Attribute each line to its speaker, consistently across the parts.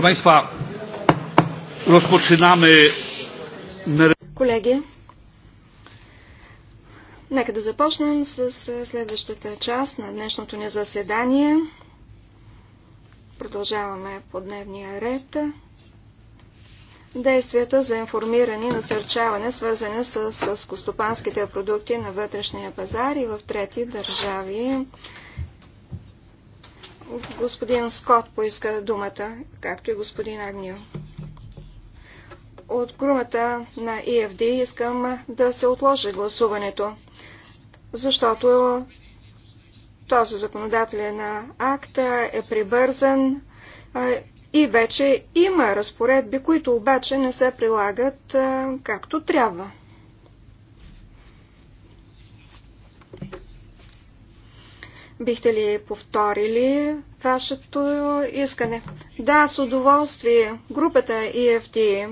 Speaker 1: Proszę Państwa, rozpoczynamy.
Speaker 2: Колеги, нека да започнем с следващата част на днешното ни заседание. Продължаваме по дневния ред. Действията за информиране и насърчаване, свързани с, с костопанските продукти на вътрешния пазар и в трети държави. Господин Скот поиска думата, както и господин Агнио. От групата на ЕФД искам да се отложи гласуването, защото този законодателен акт е прибързан и вече има разпоредби, които обаче не се прилагат както трябва. Бихте ли повторили вашето искане? Да, с удоволствие. Групата EFT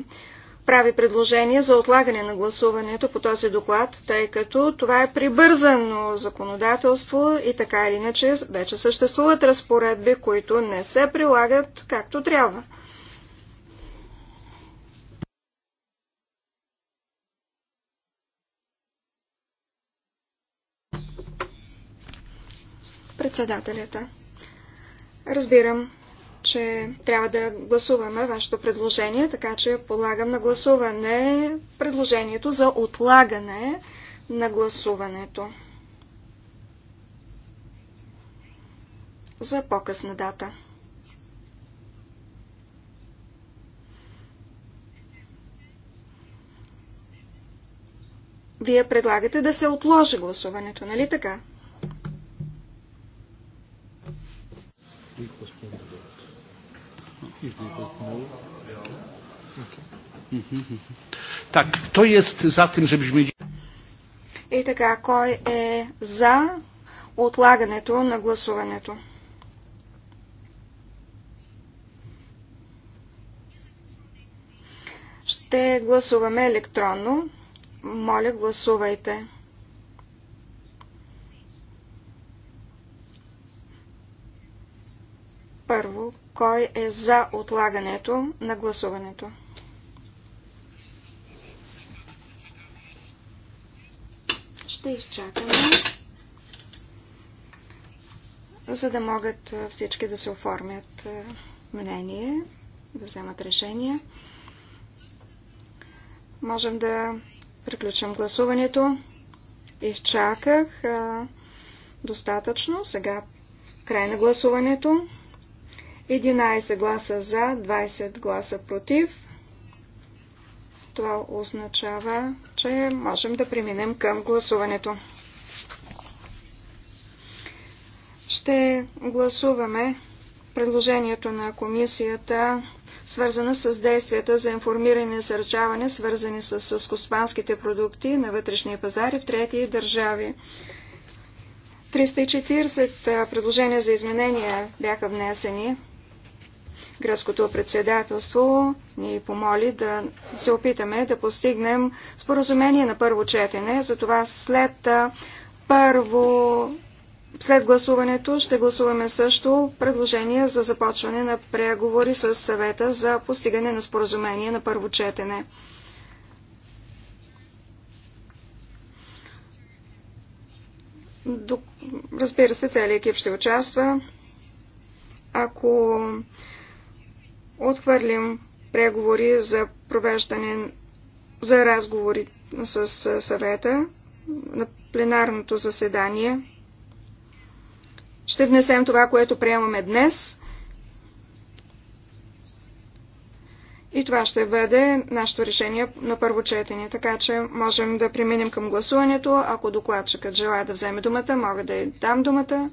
Speaker 2: прави предложение за отлагане на гласуването по този доклад, тъй като това е прибързано законодателство и така или иначе вече съществуват разпоредби, които не се прилагат както трябва. Председателята. Разбирам, че трябва да гласуваме вашето предложение, така че полагам на гласуване предложението за отлагане на гласуването за по-късна дата. Вие предлагате да се отложи гласуването, нали така?
Speaker 1: we postpone the vote. If we vote no. Okay. Tak, kto jest
Speaker 2: И така, кой е за отлагането на гласуването? Ще гласуваме електронно. Моля, гласувайте. Първо, кой е за отлагането на гласуването? Ще изчакаме, за да могат всички да се оформят мнение, да вземат решение. Можем да приключим гласуването. Изчаках достатъчно. Сега край на гласуването. 11 гласа за, 20 гласа против. Това означава, че можем да преминем към гласуването. Ще гласуваме предложението на комисията, свързана с действията за информиране и насърчаване, свързани с скоспанските продукти на вътрешния пазар в трети държави. 340 предложения за изменения бяха внесени. Гръцкото председателство ни помоли да се опитаме да постигнем споразумение на първо четене. Затова след първо след гласуването ще гласуваме също предложение за започване на преговори с съвета за постигане на споразумение на първо четене. Разбира се, целият екип ще участва. Ако отхвърлим преговори за провеждане за разговори с съвета на пленарното заседание. Ще внесем това, което приемаме днес. И това ще бъде нашето решение на първо четене. Така че можем да преминем към гласуването. Ако докладчикът желая да вземе думата, мога да й дам думата.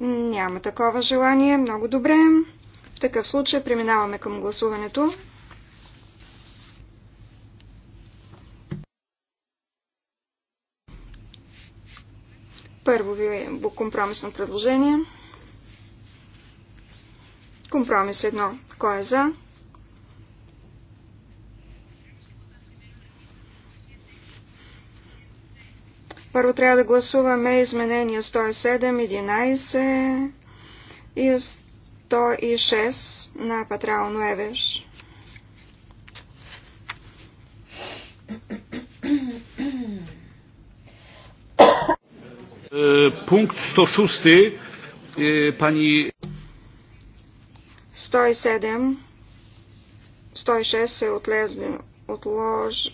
Speaker 2: Няма такова желание. Много добре такъв случай преминаваме към гласуването. Първо ви е компромисно предложение. Компромис едно. Кой е за? Първо трябва да гласуваме изменения 107, 11 и 106 на Патрао Нуевеш.
Speaker 1: Е, пункт 106 е, пани
Speaker 2: 107 106 се отложено,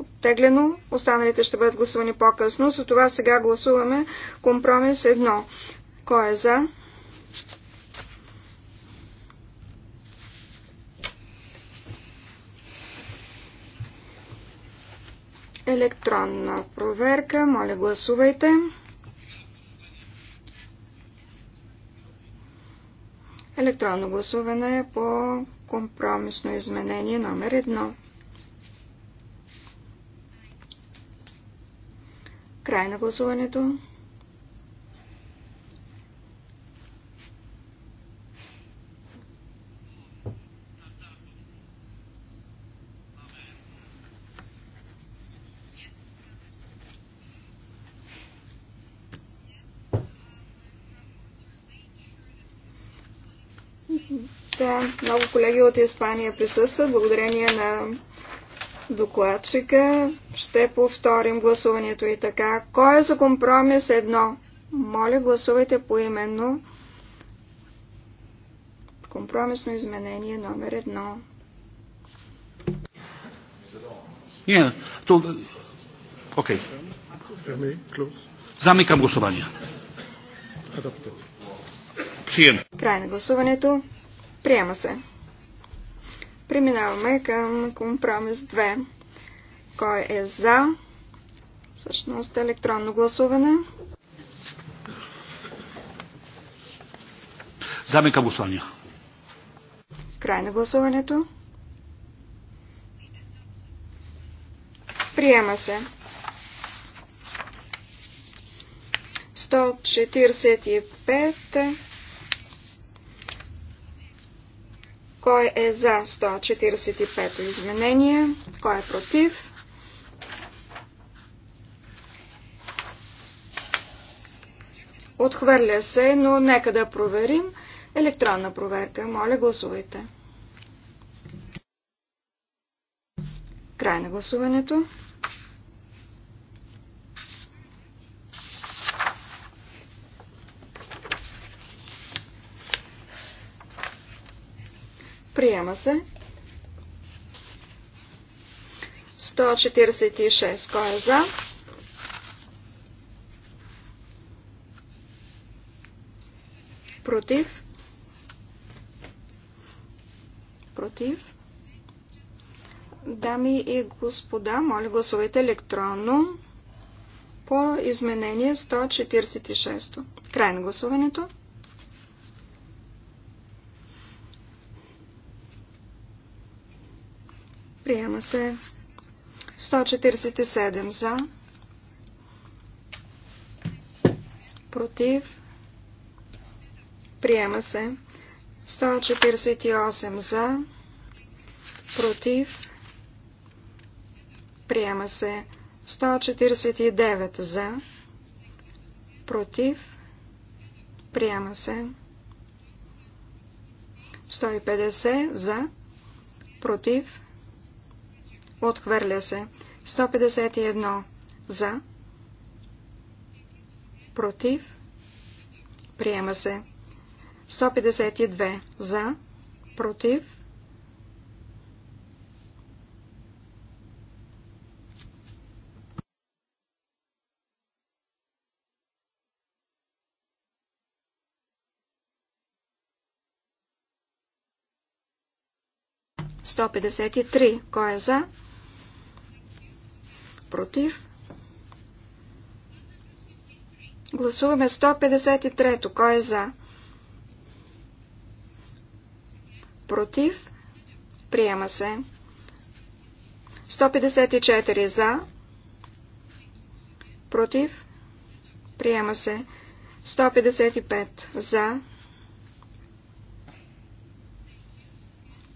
Speaker 2: оттеглено. Останалите ще бъдат гласувани по-късно. За това сега гласуваме компромис 1. Кой е за? електронна проверка. Моля, гласувайте. Електронно гласуване по компромисно изменение номер 1. Край на гласуването. Много колеги от Испания присъстват. Благодарение на докладчика ще повторим гласуването и така. Кой е за компромис едно? Моля, гласувайте поименно. Компромисно изменение номер едно.
Speaker 1: Nie, to... Okej. Okay. Zamykam
Speaker 2: Край на гласуването. Приема се. Преминаваме към компромис 2. Кой е за? Всъщност електронно гласуване.
Speaker 1: Замека гласуване.
Speaker 2: Край на гласуването. Приема се. 145 Кой е за 145-то изменение? Кой е против? Отхвърля се, но нека да проверим. Електронна проверка. Моля, гласувайте. Край на гласуването. Приема се. 146. Кой е за? Против? Против? Дами и господа, моля гласувайте електронно по изменение 146. Край на гласуването. Приема се 147 за. Против. Приема се 148 за. Против. Приема се 149 за. Против. Приема се 150 за. Против. Отхвърля се. 151. За. Против. Приема се. 152. За. Против. Сто пятьдесят три. Кое за? против. Гласуваме 153-то. Кой е за? Против. Приема се. 154 за. Против. Приема се. 155 за.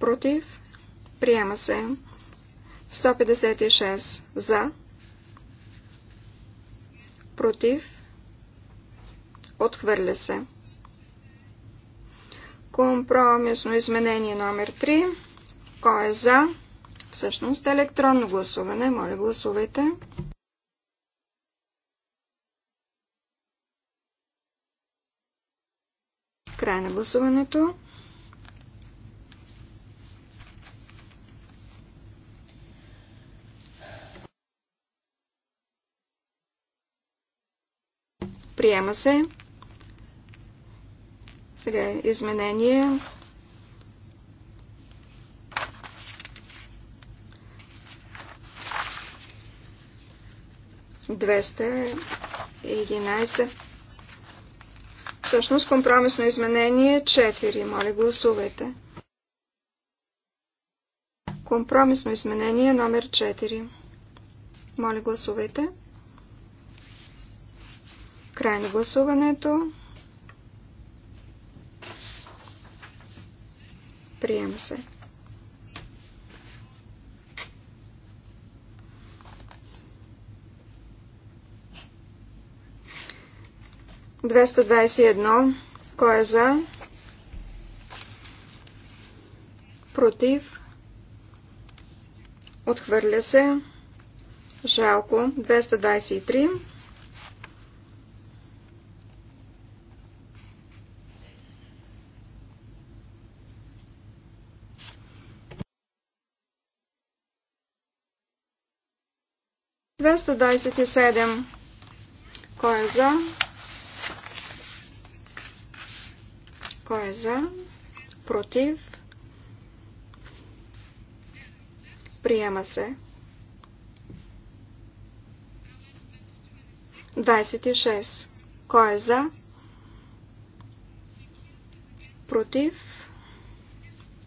Speaker 2: Против. Приема се. 156 за против, отхвърля се. Компромисно изменение номер 3. Кой е за? Всъщност електронно гласуване. Моля, гласувайте. Край на гласуването. Приема се. Сега е изменение. Двеста Всъщност компромисно изменение 4. Моля, гласувайте. Компромисно изменение номер 4. Моля, гласувайте. Край на гласуването. Приема се. Двеста двадесет едно. Кой е за? Против? Отхвърля се. Жалко. 223. 227. Кой е за? Кой е за? Против? Приема се. 26. Кой е за? Против?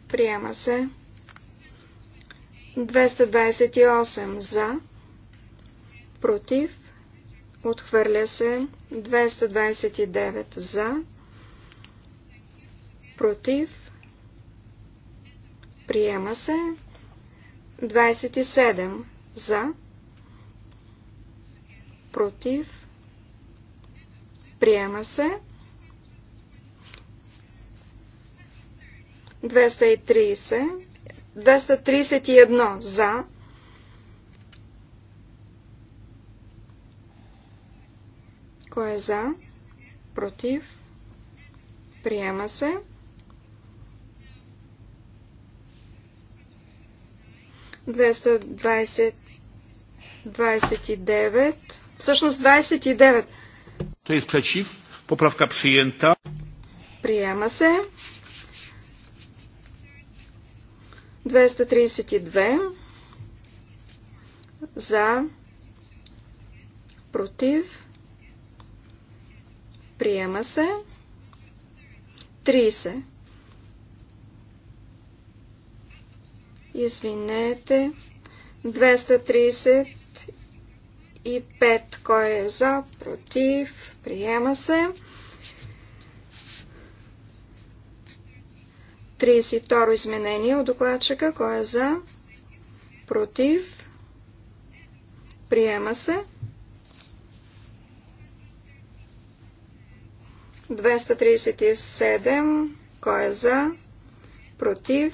Speaker 2: Приема се. 228 за против, отхвърля се 229 за, против, приема се 27 за, против, приема се 230, 231 за, Кой е за? Против? Приема се. Двеста двадесет 29. Всъщност 29.
Speaker 1: To jest Поправка Poprawka
Speaker 2: Приема се. 232. За. Против. Приема се. 30. Извинете. 235. Кой е за? Против. Приема се. 32 изменение от докладчика. Кой е за? Против. Приема се. 237. Кой е за? Против?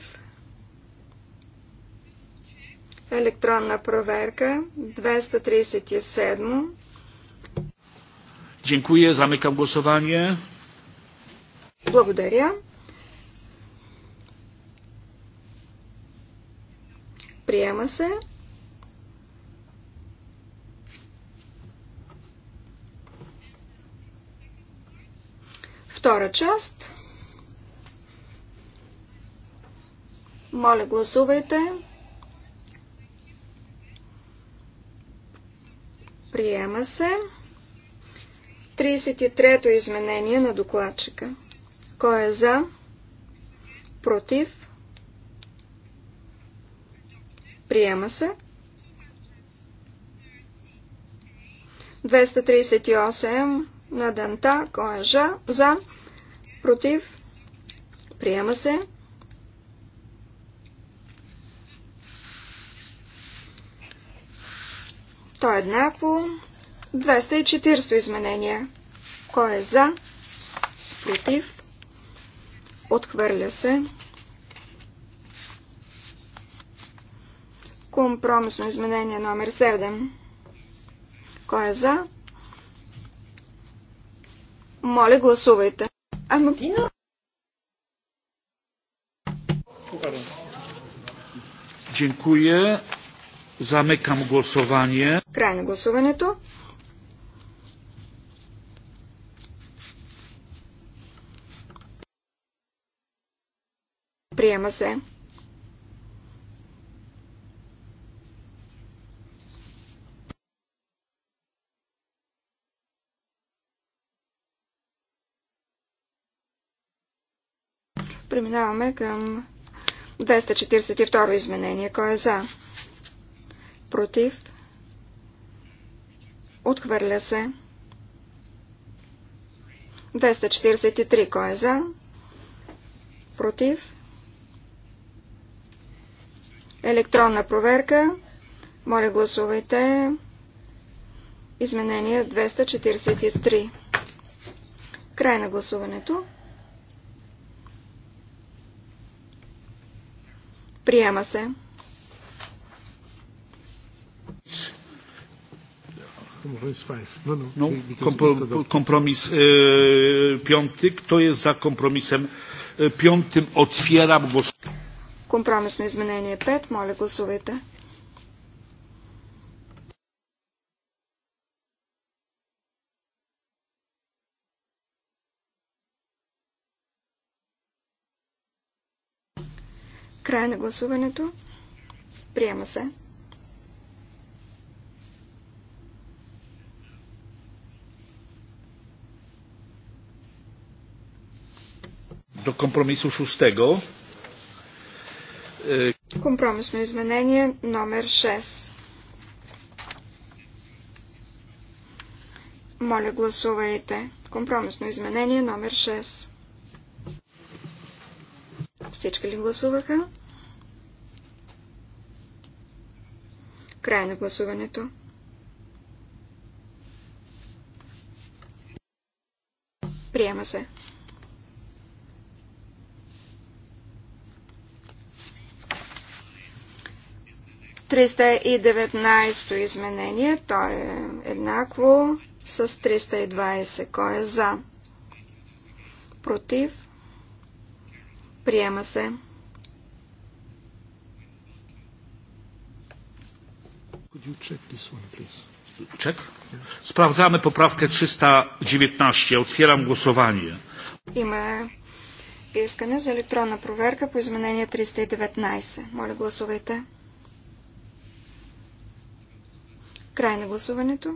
Speaker 2: Електронна проверка. 237.
Speaker 1: Dziękuję. Zamykam głosowanie.
Speaker 2: Благодаря. Приема се. Втора част. Моля, гласувайте. Приема се. 33-то изменение на докладчика. Кой е за? Против? Приема се. 238 на Данта. Кой е жа? за? Против? Приема се. То е еднакво. 240 изменения. Кой е за? Против? Отхвърля се. Компромисно изменение номер 7. Кой е за? Моля, гласувайте. Ама...
Speaker 1: Dziękuję. Замекам głosowanie.
Speaker 2: Край на гласуването. Приема се. Преминаваме към 242 изменение. Кой е за? Против? Отхвърля се. 243. Кой е за? Против? Електронна проверка. Моля гласувайте. Изменение 243. Край на гласуването. Приема се.
Speaker 1: No, Kompromis e, piąty. Kto jest za kompromisem piątym? Otwieram głos.
Speaker 2: Kompromis na изменение 5. Mole głosujcie. Край на гласуването. Приема се. Do
Speaker 1: kompromisu szóstego.
Speaker 2: Компромисно изменение номер 6. Моля, гласувайте. Компромисно изменение номер 6. Всички ли гласуваха? Край на гласуването. Приема се. Триста и деветнайсто изменение, то е еднакво с 320. Кой е за? Против? Приема се.
Speaker 1: Чек? Sprawdzamy poprawkę 319. Otwieram głosowanie.
Speaker 2: Има искане за електронна проверка по изменение 319. Моля гласувайте. Край на гласуването.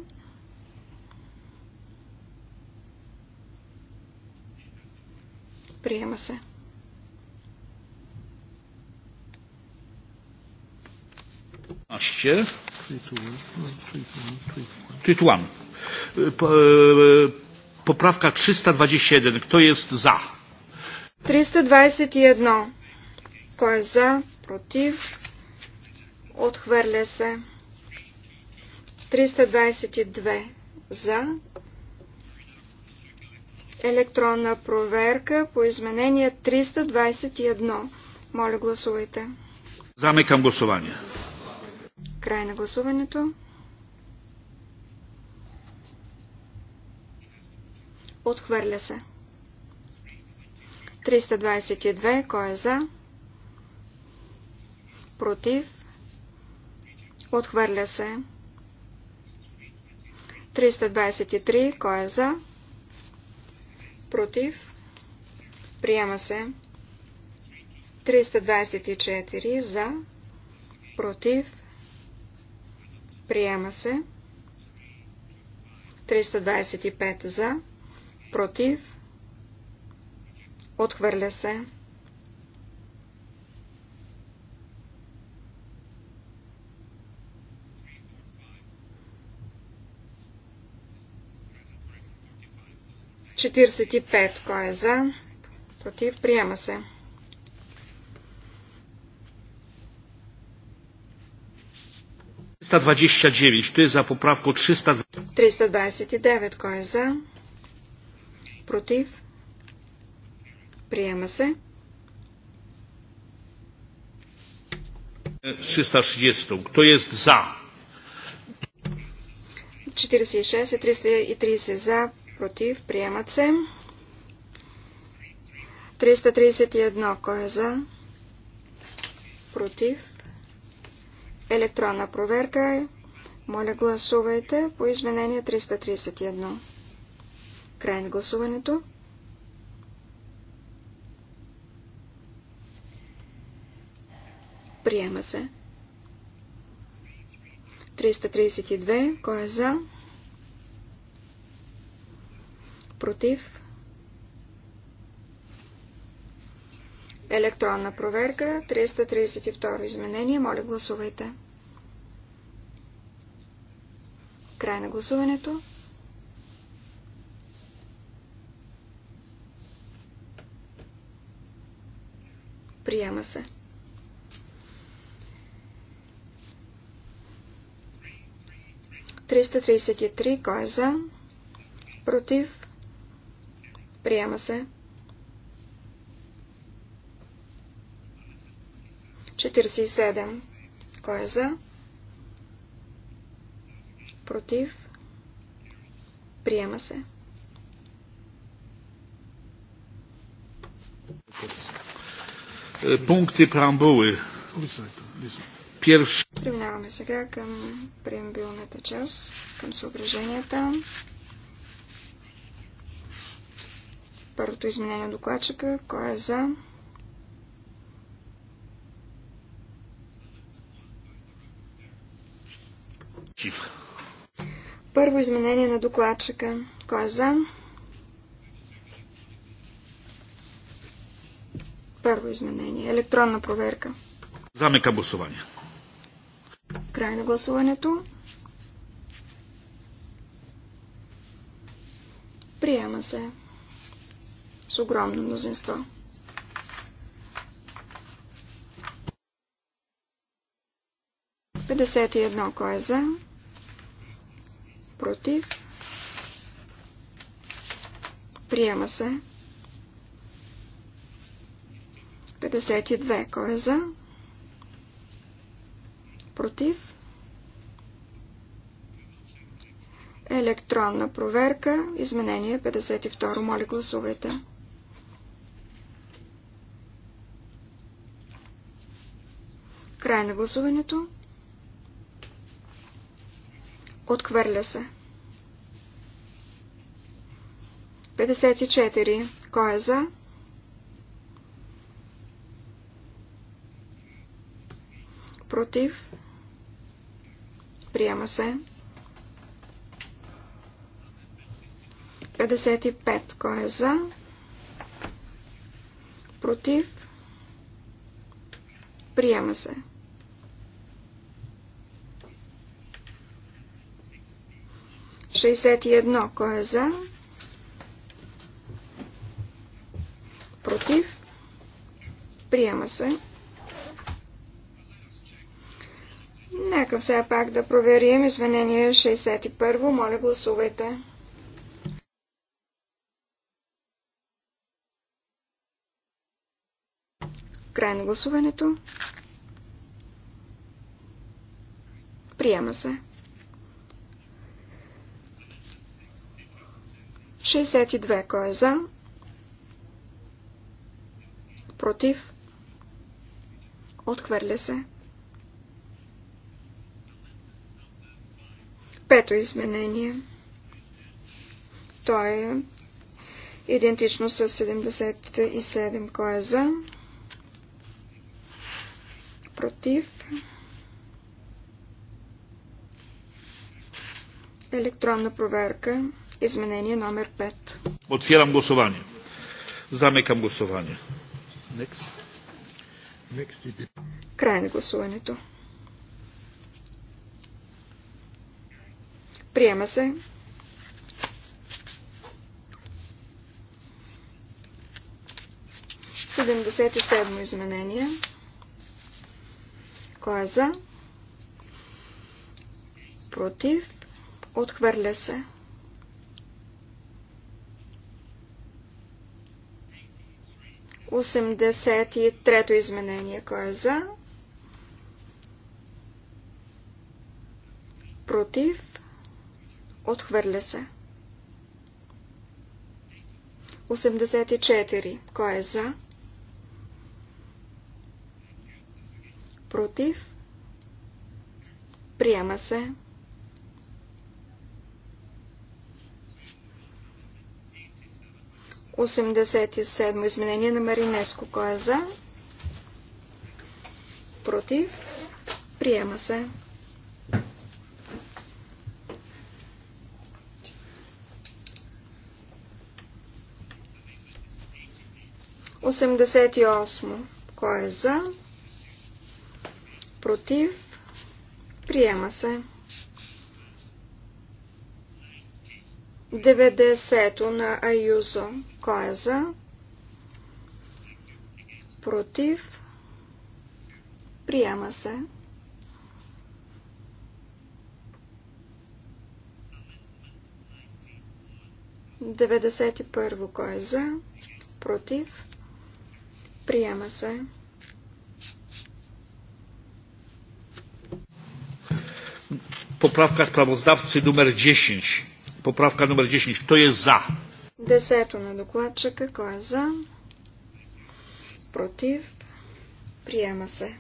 Speaker 2: Приема се.
Speaker 1: 15. Tytułami. Poprawka 321. Kto jest za?
Speaker 2: 321. Кой е за? Против? Отхвърля се. 322. За? Електронна проверка по изменение 321. Моля гласувайте.
Speaker 1: Замекам гласование.
Speaker 2: Край на гласуването. Отхвърля се. 322. Кой е за? Против. Отхвърля се. 323. Кой е за? Против. Приема се. 324. За. Против. Приема се. 325 за. Против. Отхвърля се. Четиридесет и пет. Кой е за? Против. Приема се.
Speaker 1: 329. Kto jest za poprawką 329?
Speaker 2: 329. Кой е за? Против? Приема се.
Speaker 1: 330. Kto jest za?
Speaker 2: 46 и 330 за, против, приемат се. 331. Кой е за? Против електронна проверка. Моля, гласувайте по изменение 331. Край на гласуването. Приема се. 332. Кой е за? Против? Електронна проверка. 332 изменение. Моля, гласувайте. Край на гласуването. Приема се. Триста кой е за? Против? Приема се. 47. Кой е за? Против. Приема се.
Speaker 1: Пункти преамбули. Пирш.
Speaker 2: Преминаваме сега към преамбилната част, към съображенията. Първото изменение докладчика. Кой е за? Първо изменение на докладчика. Кой е за? Първо изменение. Електронна проверка.
Speaker 1: Замека гласуване.
Speaker 2: Край на гласуването. Приема се с огромно мнозинство. 51. и едно. Кой е за? против, приема се. 52. Кой е за? Против. Електронна проверка. Изменение 52. Моля гласувайте. Край на гласуването. Отхвърля се. 54. Кой е за? Против. Приема се. 55. Кой е за? Против. Приема се. 61. Кой е за? Против? Приема се. Нека все пак да проверим Извинение 61. Моля, гласувайте. Край на гласуването. Приема се. 62. Кой е за? Против? Отхвърля се. Пето изменение. То е идентично с 77. Кой е за? Против? Електронна проверка. Изменение номер 5.
Speaker 1: Отварям гласование. Замекам гласование. Next. Next.
Speaker 2: Край на гласуването. Приема се. Седемдесет и седмо изменение. Кой е за? Против. Отхвърля се. 83-то изменение. Кой е за? Против? Отхвърля се. 84. Кой е за? Против? Приема се. 87 изменение на Маринеско. Кой е за? Против. Приема се. Осемдесет и осмо. Кой е за? Против. Приема се. 90-то на Аюзо. Кой е за? Против. Приема се. Деведесет и първо. Кой е за? Против. Приема се.
Speaker 1: Поправка справоздавци номер 10. Поправка номер 10. Кто е за?
Speaker 2: Десето на докладчика. Кой е за? Против. Приема се.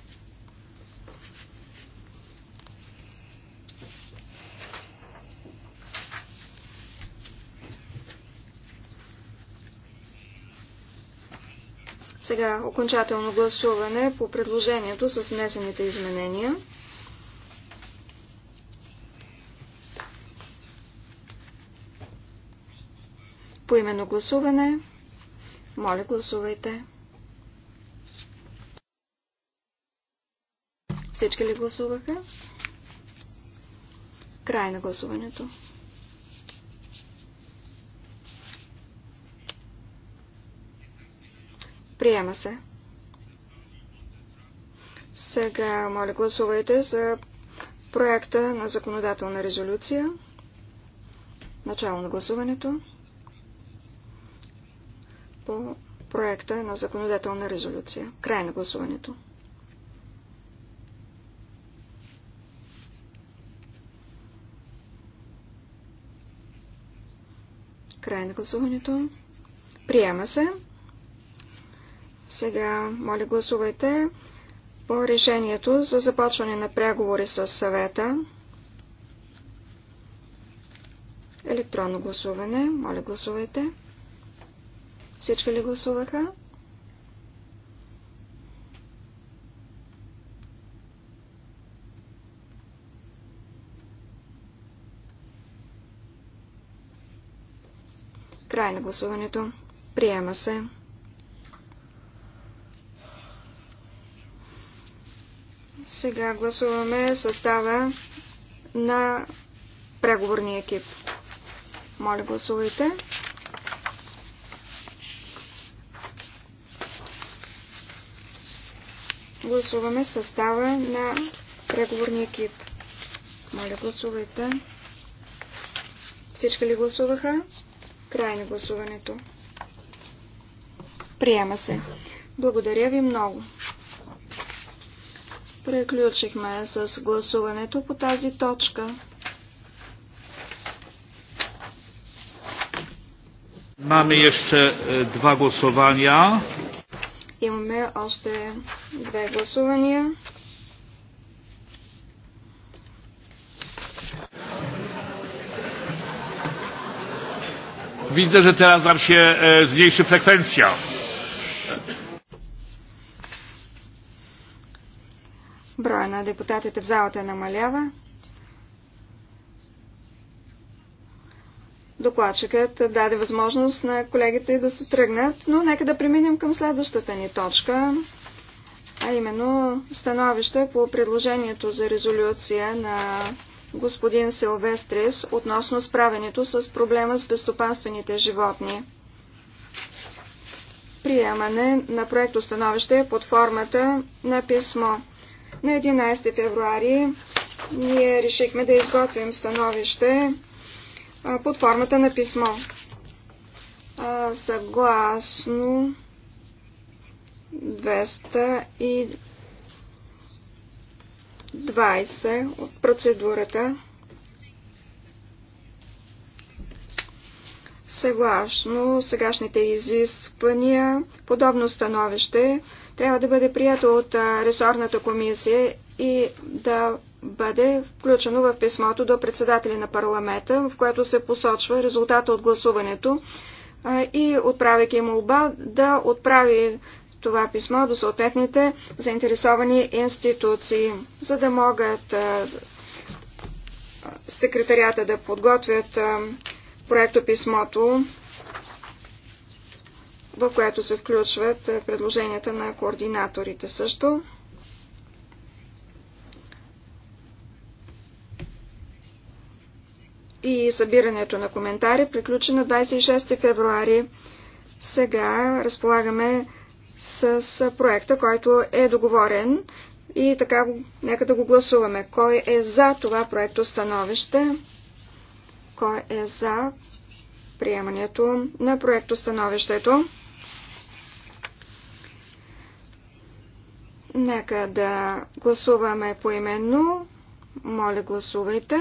Speaker 2: Сега окончателно гласуване по предложението с внесените изменения. По именно гласуване. Моля, гласувайте. Всички ли гласуваха? Край на гласуването. Приема се. Сега, моля, гласувайте за проекта на законодателна резолюция. Начало на гласуването по проекта на законодателна резолюция. Край на гласуването. Край на гласуването. Приема се. Сега, моля, гласувайте по решението за започване на преговори с съвета. Електронно гласуване. Моля, гласувайте. Всички ли гласуваха? Край на гласуването. Приема се. Сега гласуваме състава на преговорния екип. Моля, гласувайте. гласуваме състава на преговорния екип. Моля, гласувайте. Всички ли гласуваха? Край на гласуването. Приема се. Благодаря ви много. Преключихме с гласуването по тази точка.
Speaker 1: Mamy jeszcze e, dwa głosowania.
Speaker 2: Имаме още две гласувания.
Speaker 1: Widzę, że teraz nam się e, zmniejszy frekwencja.
Speaker 2: Броя на депутатите в залата намалява. Докладчикът даде възможност на колегите да се тръгнат, но нека да преминем към следващата ни точка, а именно становище по предложението за резолюция на господин Силвестрис относно справенето с проблема с безстопанствените животни. Приемане на проекто становище под формата на писмо. На 11 февруари ние решихме да изготвим становище под формата на писмо. Съгласно 220 от процедурата, съгласно сегашните изисквания, подобно становище трябва да бъде прието от ресорната комисия и да бъде включено в писмото до председателя на парламента, в което се посочва резултата от гласуването и отправяйки молба да отправи това писмо до съответните заинтересовани институции, за да могат секретарията да подготвят проекто писмото, в което се включват предложенията на координаторите също. и събирането на коментари приключи на 26 февруари. Сега разполагаме с проекта, който е договорен и така нека да го гласуваме. Кой е за това проекто становище? Кой е за приемането на проекто становището? Нека да гласуваме поименно. Моля, гласувайте.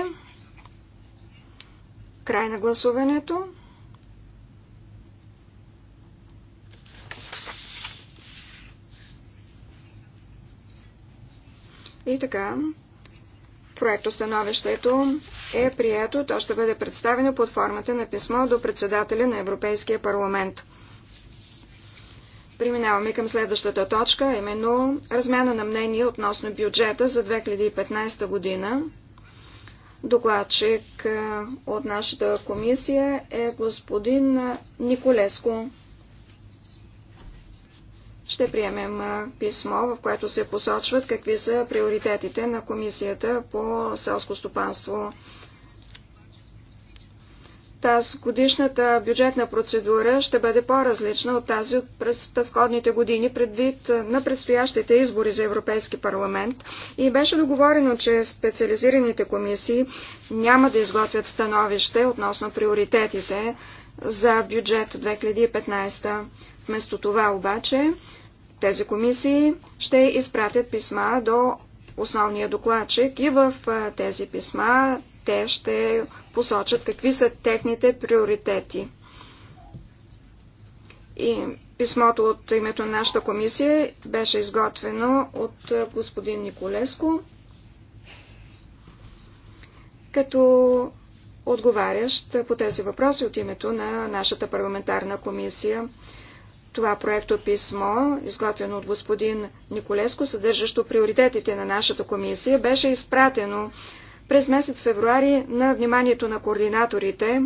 Speaker 2: Край на гласуването. И така, проектостановището е прието, то ще бъде представено под формата на писмо до председателя на Европейския парламент. Преминаваме към следващата точка, именно размяна на мнение относно бюджета за 2015 година. Докладчик е, от нашата комисия е господин Николеско. Ще приемем е, писмо, в което се посочват какви са приоритетите на Комисията по селско стопанство Таз годишната бюджетна процедура ще бъде по-различна от тази от през предходните години предвид на предстоящите избори за Европейски парламент и беше договорено, че специализираните комисии няма да изготвят становище относно приоритетите за бюджет 2015. Вместо това обаче тези комисии ще изпратят писма до основния докладчик и в тези писма те ще посочат какви са техните приоритети. И писмото от името на нашата комисия беше изготвено от господин Николеско, като отговарящ по тези въпроси от името на нашата парламентарна комисия. Това проекто писмо, изготвено от господин Николеско, съдържащо приоритетите на нашата комисия, беше изпратено през месец февруари на вниманието на координаторите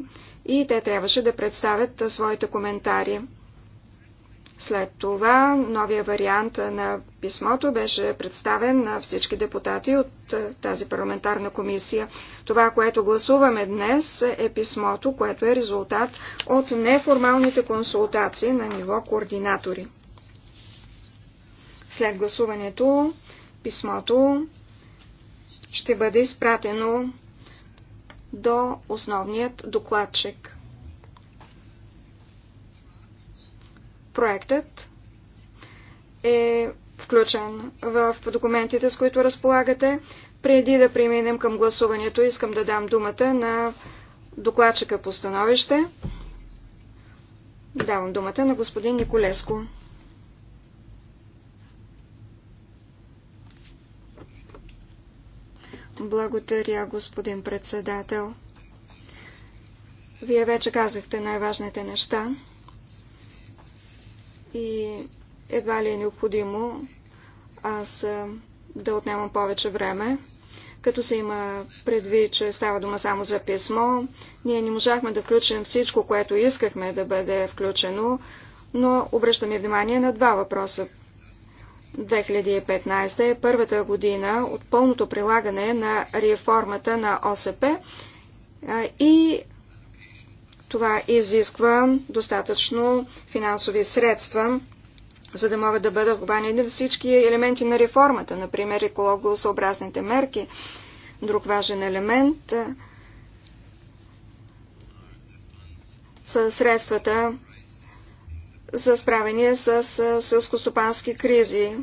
Speaker 2: и те трябваше да представят своите коментари. След това новия вариант на писмото беше представен на всички депутати от тази парламентарна комисия. Това, което гласуваме днес е писмото, което е резултат от неформалните консултации на ниво координатори. След гласуването писмото ще бъде изпратено до основният докладчик. Проектът е включен в документите, с които разполагате. Преди да преминем към гласуването, искам да дам думата на докладчика по становище. Давам думата на господин Николеско. Благодаря, господин председател. Вие вече казахте най-важните неща и едва ли е необходимо аз да отнемам повече време. Като се има предвид, че става дума само за писмо, ние не можахме да включим всичко, което искахме да бъде включено, но обръщаме внимание на два въпроса. 2015 е първата година от пълното прилагане на реформата на ОСП и това изисква достатъчно финансови средства, за да могат да бъдат обхванени всички елементи на реформата, например екологосъобразните мерки. Друг важен елемент са средствата за справение с сълскостопански кризи.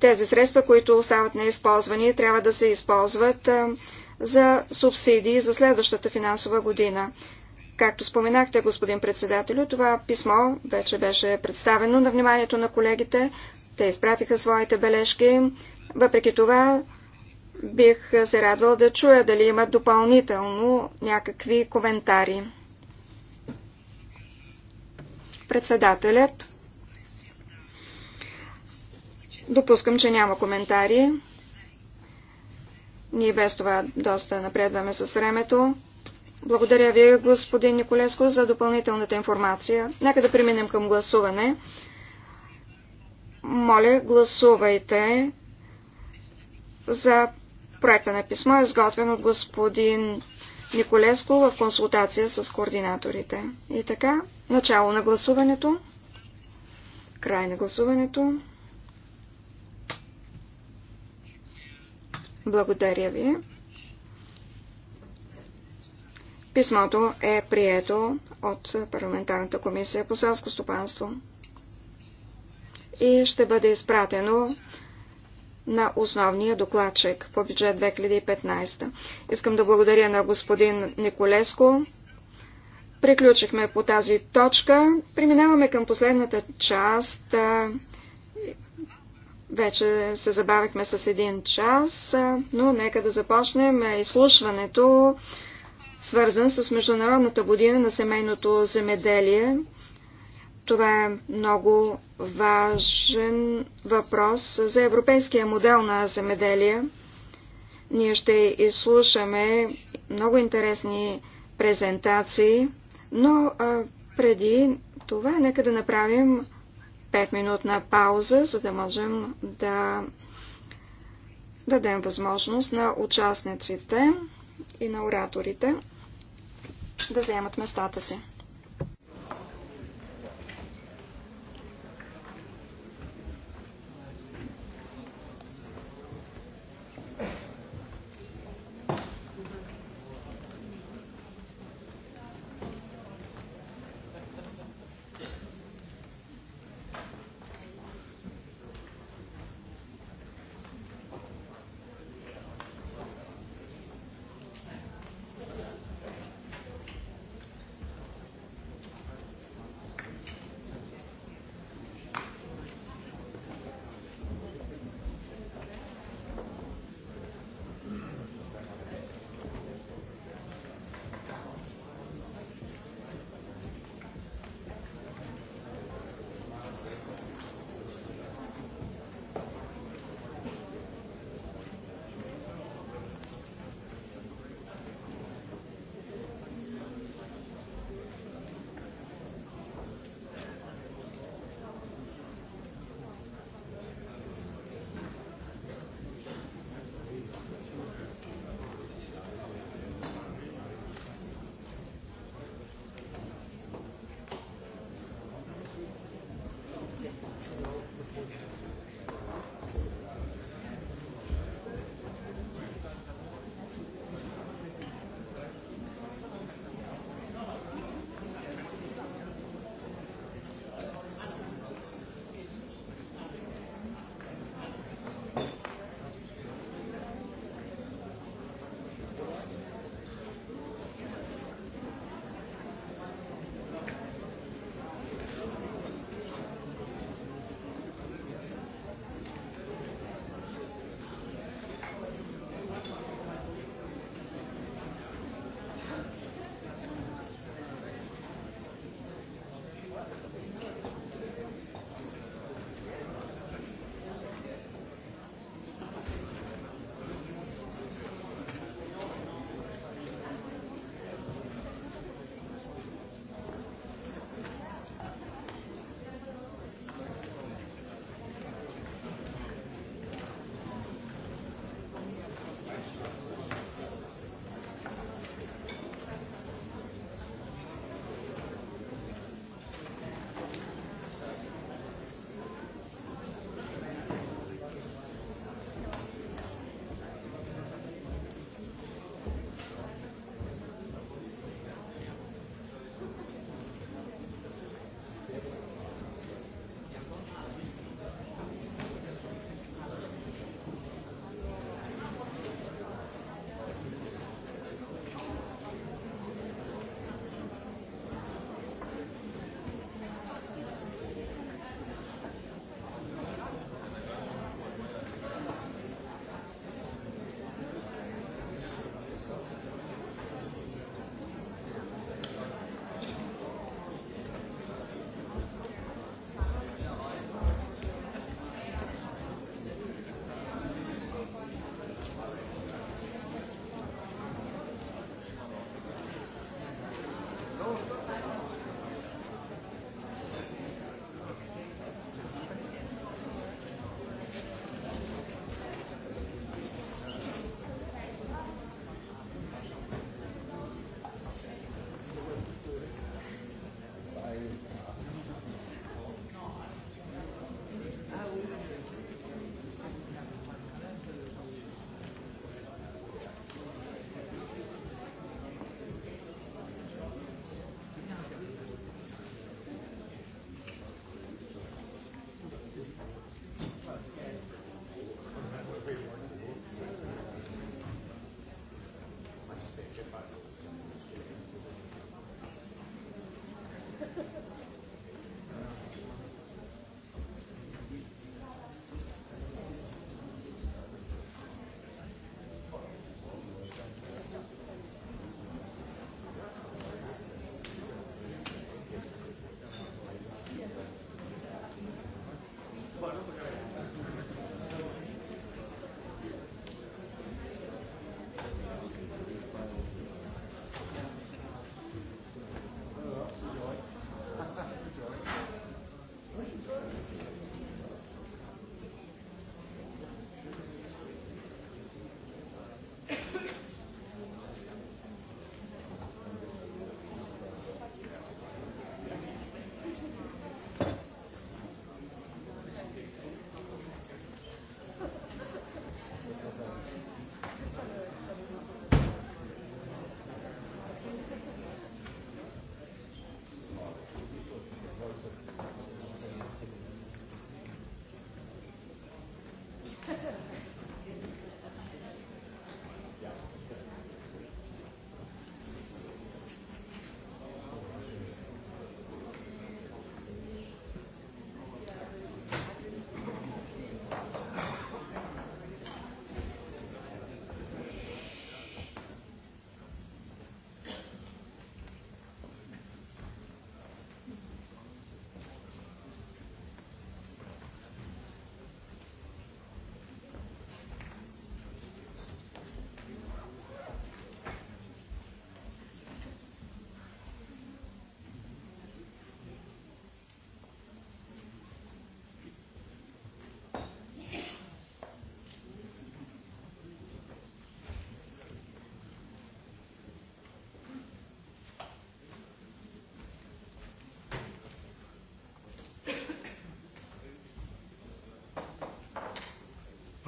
Speaker 2: Тези средства, които остават неизползвани, трябва да се използват за субсидии за следващата финансова година. Както споменахте, господин председателю, това писмо вече беше представено на вниманието на колегите. Те изпратиха своите бележки. Въпреки това, бих се радвал да чуя дали имат допълнително някакви коментари. Председателят. Допускам, че няма коментари. Ние без това доста напредваме с времето. Благодаря ви, господин Николеско, за допълнителната информация. Нека да преминем към гласуване. Моля, гласувайте за проекта на писмо, изготвен от господин Николеско в консултация с координаторите. И така, начало на гласуването, край на гласуването. Благодаря ви. Писмото е прието от Парламентарната комисия по селско стопанство и ще бъде изпратено на основния докладчик по бюджет 2015. Искам да благодаря на господин Николеско. Приключихме по тази точка. Преминаваме към последната част. Вече се забавихме с един час, но нека да започнем изслушването, свързан с Международната година на семейното земеделие. Това е много важен въпрос за европейския модел на земеделие. Ние ще изслушаме много интересни презентации, но а, преди това нека да направим 5-минутна пауза, за да можем да дадем възможност на участниците и на ораторите да заемат местата си.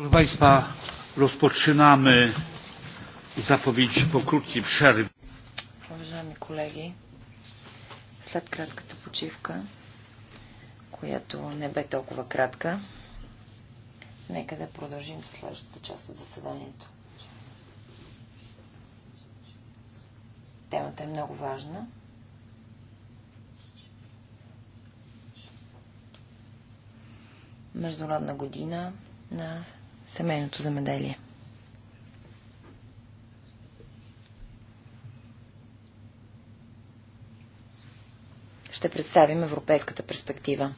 Speaker 1: Proszę Państwa, rozpoczynamy zapowiedź po krótkiej przerwie.
Speaker 3: Уважаеми колеги, след кратката почивка, която не бе толкова кратка, нека да продължим следващата част от заседанието. Темата е много важна. Международна година на семейното замеделие. Ще представим европейската перспектива.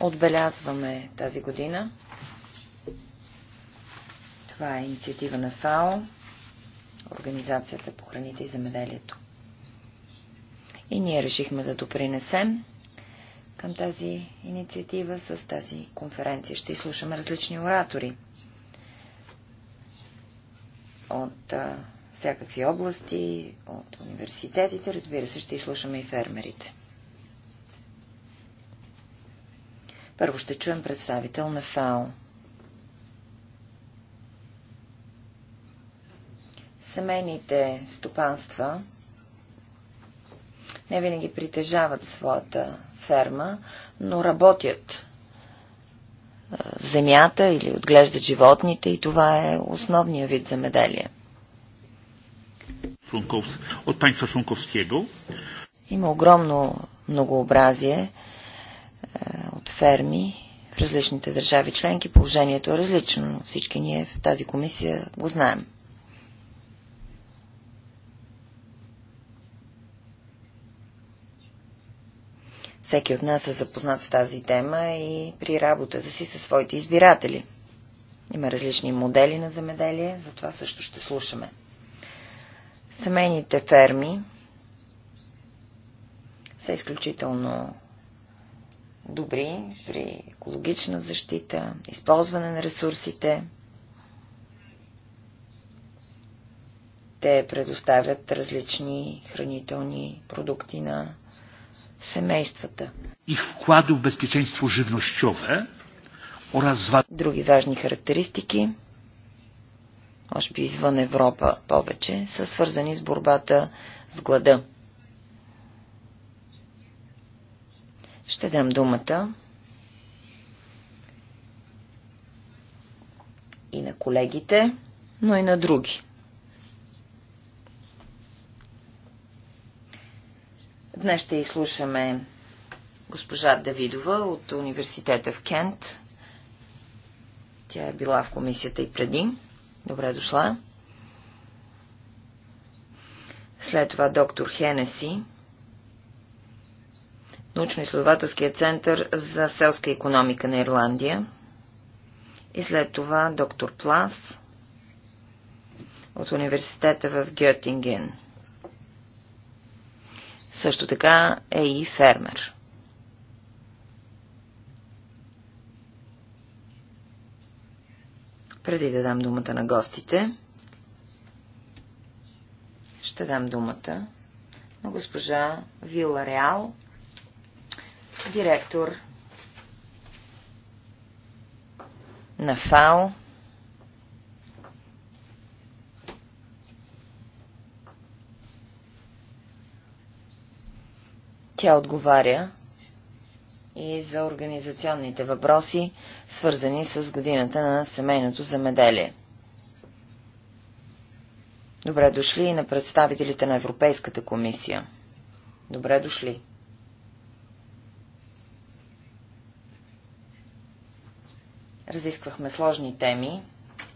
Speaker 3: Отбелязваме тази година. Това е инициатива на ФАО, Организацията по храните и земеделието. И ние решихме да допринесем към тази инициатива с тази конференция. Ще изслушаме различни оратори от а, всякакви области, от университетите. Разбира се, ще изслушаме и фермерите. Първо ще чуем представител на ФАО. Семейните стопанства не винаги притежават своята ферма, но работят в земята или отглеждат животните и това е основния вид земеделие.
Speaker 1: От панства Шунковскиего.
Speaker 3: Има огромно многообразие е, от ферми в различните държави членки. Положението е различно. Всички ние в тази комисия го знаем. Всеки от нас е запознат с тази тема и при работата си със своите избиратели. Има различни модели на земеделие, за това също ще слушаме. Семейните ферми са изключително добри при екологична защита, използване на ресурсите. Те предоставят различни хранителни продукти на семействата.
Speaker 1: Их вкладов в безпеченство живнощове
Speaker 3: oraz... Други важни характеристики, може би извън Европа повече, са свързани с борбата с глада. Ще дам думата и на колегите, но и на други. Днес ще изслушаме госпожа Давидова от университета в Кент. Тя е била в комисията и преди. Добре дошла. След това доктор Хенеси, научно-изследователския център за селска економика на Ирландия. И след това доктор Плас от университета в Гьотинген. Също така е и фермер. Преди да дам думата на гостите, ще дам думата на госпожа Вила Реал, директор на ФАО Тя отговаря и за организационните въпроси, свързани с годината на семейното замеделие. Добре дошли и на представителите на Европейската комисия. Добре дошли. Разисквахме сложни теми,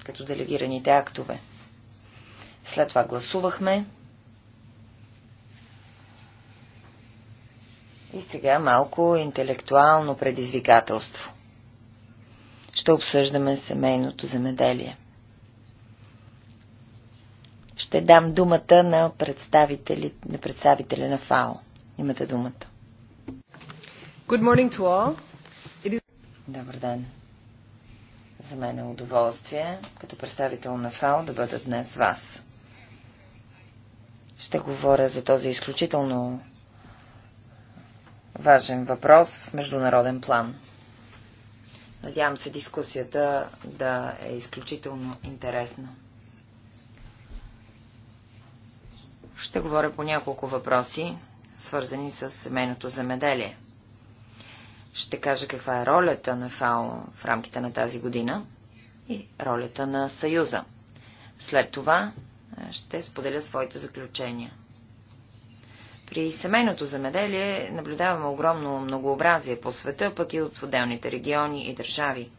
Speaker 3: като делегираните актове. След това гласувахме И сега малко интелектуално предизвикателство. Ще обсъждаме семейното земеделие. Ще дам думата на, представители, на представителя на ФАО. Имате думата. Good morning to all. It is... Добър ден. За мен е удоволствие, като представител на ФАО, да бъда днес с вас. Ще говоря за този изключително важен въпрос в международен план. Надявам се дискусията да е изключително интересна. Ще говоря по няколко въпроси, свързани с семейното земеделие. Ще кажа каква е ролята на ФАО в рамките на тази година и ролята на Съюза. След това ще споделя своите заключения. При семейното земеделие наблюдаваме огромно многообразие по света, пък и от отделните региони и държави.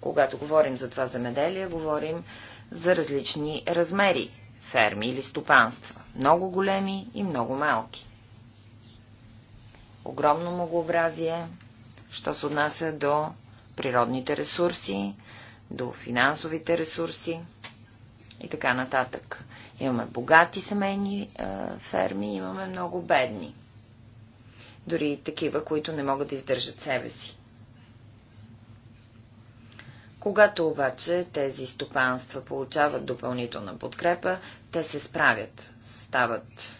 Speaker 3: Когато говорим за това замеделие, говорим за различни размери – ферми или стопанства, много големи и много малки. Огромно многообразие, що се отнася до природните ресурси, до финансовите ресурси и така нататък. Имаме богати семейни а, е, ферми, имаме много бедни. Дори и такива, които не могат да издържат себе си. Когато обаче тези стопанства получават допълнителна подкрепа, те се справят, стават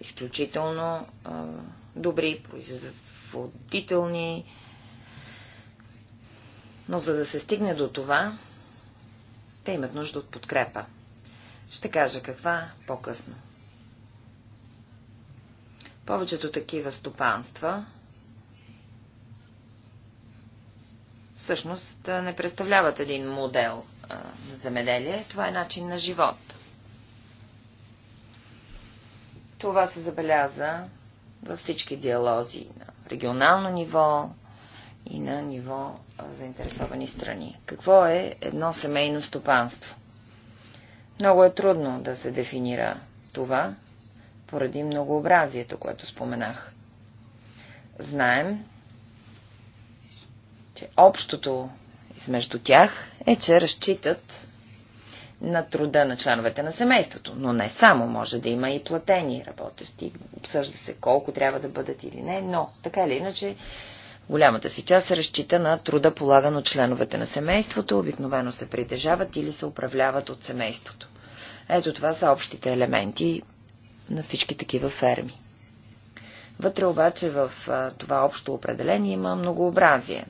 Speaker 3: изключително а, е, добри, производителни. Но за да се стигне до това, те имат нужда от подкрепа. Ще кажа каква по-късно. Повечето такива стопанства всъщност не представляват един модел на земеделие. Това е начин на живот. Това се забеляза във всички диалози на регионално ниво и на ниво заинтересовани страни. Какво е едно семейно стопанство? Много е трудно да се дефинира това, поради многообразието, което споменах. Знаем, че общото измежду тях е, че разчитат на труда на членовете на семейството. Но не само, може да има и платени работещи, обсъжда се колко трябва да бъдат или не, но така или иначе Голямата си част разчита на труда полаган от членовете на семейството, обикновено се притежават или се управляват от семейството. Ето това са общите елементи на всички такива ферми. Вътре обаче в това общо определение има многообразие.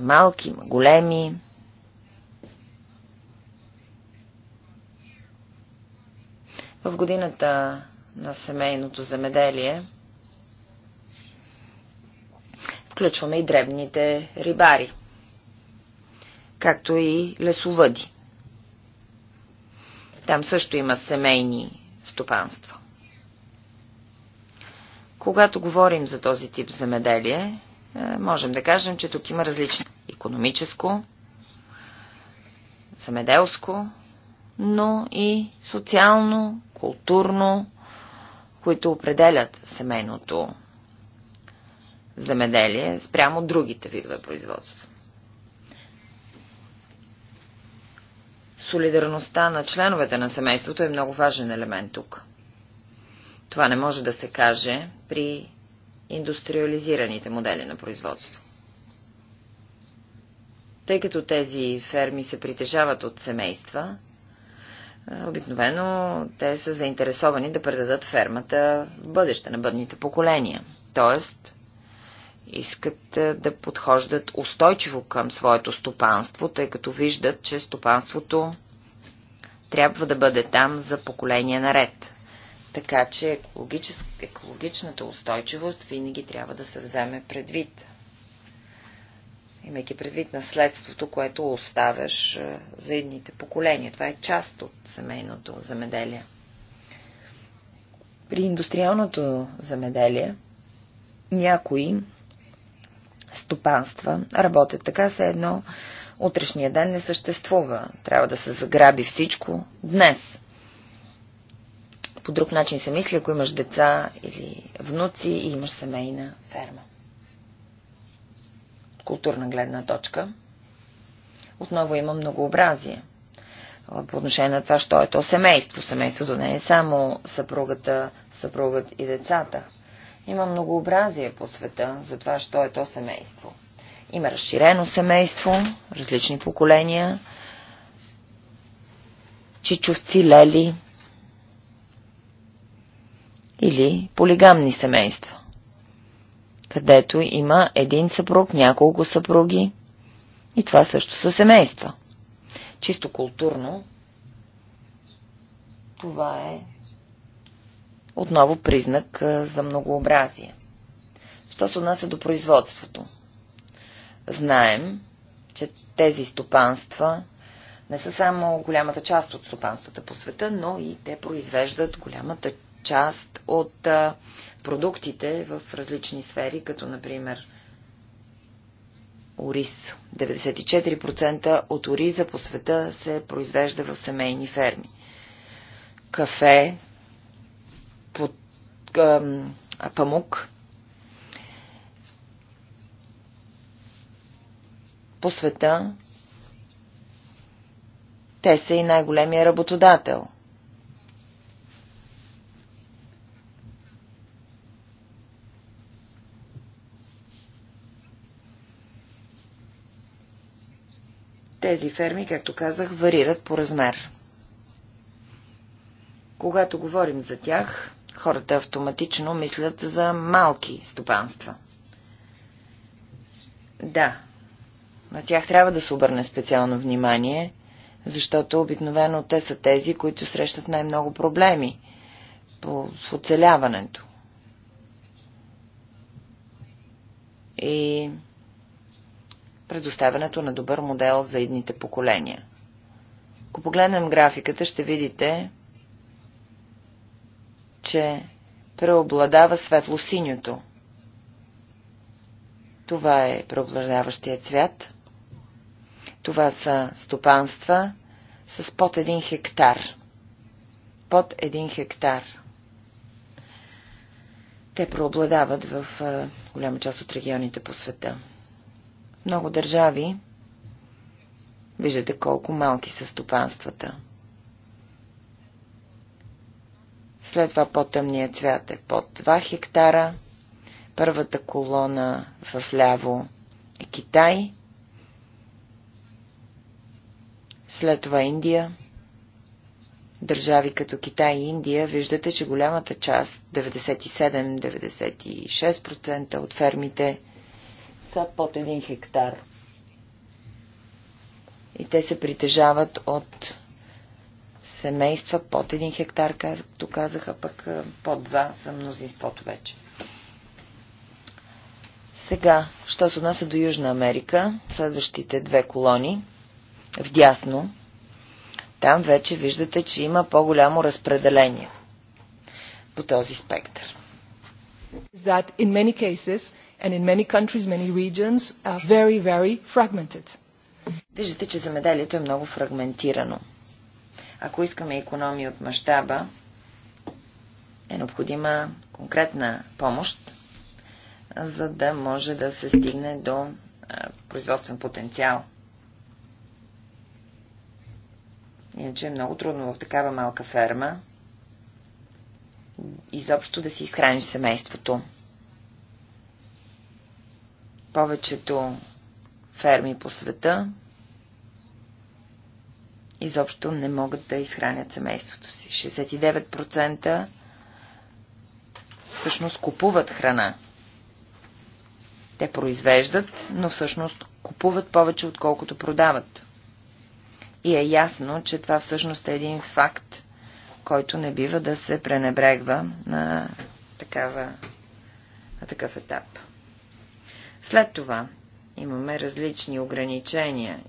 Speaker 3: малки, ма големи. В годината на семейното земеделие – Включваме и дребните рибари, както и лесовъди. Там също има семейни стопанства. Когато говорим за този тип земеделие, е, можем да кажем, че тук има различни економическо, земеделско, но и социално, културно, които определят семейното земеделие спрямо другите видове производство. Солидарността на членовете на семейството е много важен елемент тук. Това не може да се каже при индустриализираните модели на производство. Тъй като тези ферми се притежават от семейства, е, обикновено те са заинтересовани да предадат фермата в бъдеще на бъдните поколения. Тоест, искат да подхождат устойчиво към своето стопанство, тъй като виждат, че стопанството трябва да бъде там за поколение наред. Така че екологичната устойчивост винаги трябва да се вземе предвид. Имайки предвид наследството, което оставяш за едните поколения. Това е част от семейното замеделие. При индустриалното замеделие някои стопанства работят така, се едно утрешния ден не съществува. Трябва да се заграби всичко днес. По друг начин се мисли, ако имаш деца или внуци и имаш семейна ферма. Културна гледна точка. Отново има многообразие по отношение на това, що е то семейство. Семейството не е само съпругата, съпругът и децата. Има многообразие по света за това, що е то семейство. Има разширено семейство, различни поколения, чичовци, лели или полигамни семейства, където има един съпруг, няколко съпруги и това също са семейства. Чисто културно това е отново признак за многообразие. Що се отнася до производството? Знаем, че тези стопанства не са само голямата част от стопанствата по света, но и те произвеждат голямата част от продуктите в различни сфери, като например ориз. 94% от ориза по света се произвежда в семейни ферми. Кафе памук, по света, те са и най-големия работодател. Тези ферми, както казах, варират по размер. Когато говорим за тях, хората автоматично мислят за малки стопанства. Да, на тях трябва да се обърне специално внимание, защото обикновено те са тези, които срещат най-много проблеми по оцеляването. И предоставянето на добър модел за едните поколения. Ако погледнем графиката, ще видите, че преобладава светло-синьото. Това е преобладаващият цвят. Това са стопанства с под един хектар. Под един хектар. Те преобладават в голяма част от регионите по света. много държави виждате колко малки са стопанствата. След това по-тъмният цвят е под 2 хектара. Първата колона в ляво е Китай. След това Индия. Държави като Китай и Индия виждате, че голямата част, 97-96% от фермите са под 1 хектар. И те се притежават от семейства под един хектар, както казаха, пък под два са мнозинството вече. Сега, що се отнася до Южна Америка, следващите две колони, вдясно, там вече виждате, че има по-голямо разпределение по този спектър. That in many cases and in many countries, many regions are very, very fragmented. Виждате, че замеделието е много фрагментирано. Ако искаме економия от мащаба, е необходима конкретна помощ, за да може да се стигне до производствен потенциал. Иначе е много трудно в такава малка ферма изобщо да си изхраниш семейството. Повечето ферми по света изобщо не могат да изхранят семейството си. 69% всъщност купуват храна. Те произвеждат, но всъщност купуват повече, отколкото продават. И е ясно, че това всъщност е един факт, който не бива да се пренебрегва на, такава, на такъв етап. След това, Имаме различни ограничения,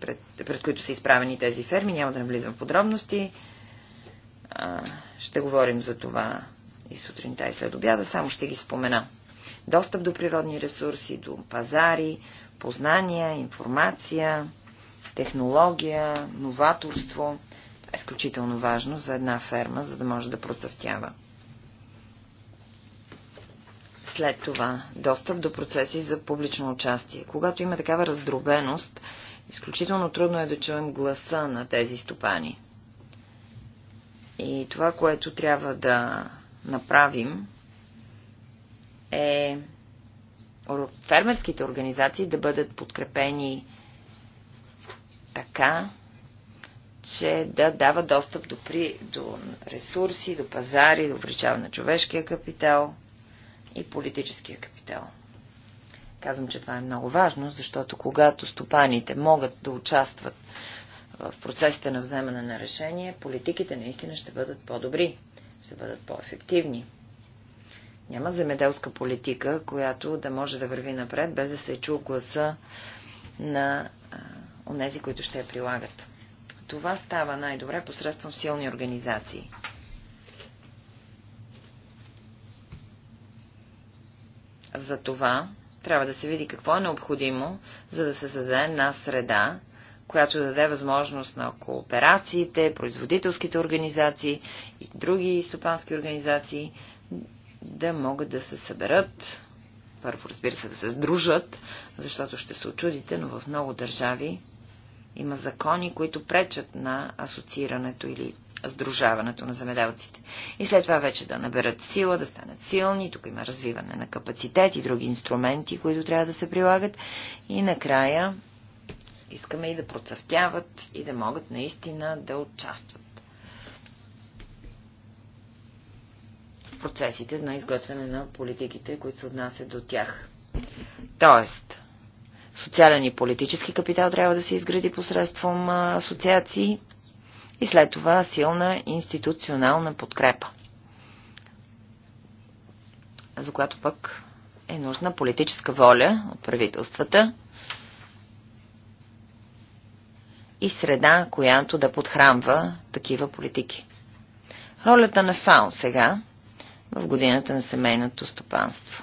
Speaker 3: пред, пред които са изправени тези ферми. Няма да навлизам в подробности. А, ще говорим за това и сутринта и след обяда. Само ще ги спомена. Достъп до природни ресурси, до пазари, познания, информация, технология, новаторство. Това е изключително важно за една ферма, за да може да процъфтява след това достъп до процеси за публично участие. Когато има такава раздробеност, изключително трудно е да чуем гласа на тези стопани. И това, което трябва да направим, е фермерските организации да бъдат подкрепени така, че да дава достъп до, при, до ресурси, до пазари, до увеличаване на човешкия капитал и политическия капитал. Казвам, че това е много важно, защото когато стопаните могат да участват в процесите на вземане на решение, политиките наистина ще бъдат по-добри, ще бъдат по-ефективни. Няма земеделска политика, която да може да върви напред, без да се е чу гласа на онези, които ще я прилагат. Това става най-добре посредством силни организации – За това трябва да се види какво е необходимо, за да се създаде една среда, която да даде възможност на кооперациите, производителските организации и други стопански организации да могат да се съберат, първо разбира се да се сдружат, защото ще се очудите, но в много държави има закони, които пречат на асоциирането или сдружаването на замеделците. И след това вече да наберат сила, да станат силни. Тук има развиване на капацитет и други инструменти, които трябва да се прилагат. И накрая искаме и да процъфтяват и да могат наистина да участват. в процесите на изготвяне на политиките, които се отнасят до тях. Тоест, Социален и политически капитал трябва да се изгради посредством асоциации и след това силна институционална подкрепа, за която пък е нужна политическа воля от правителствата и среда, която да подхранва такива политики. Ролята на ФАО сега в годината на семейното стопанство.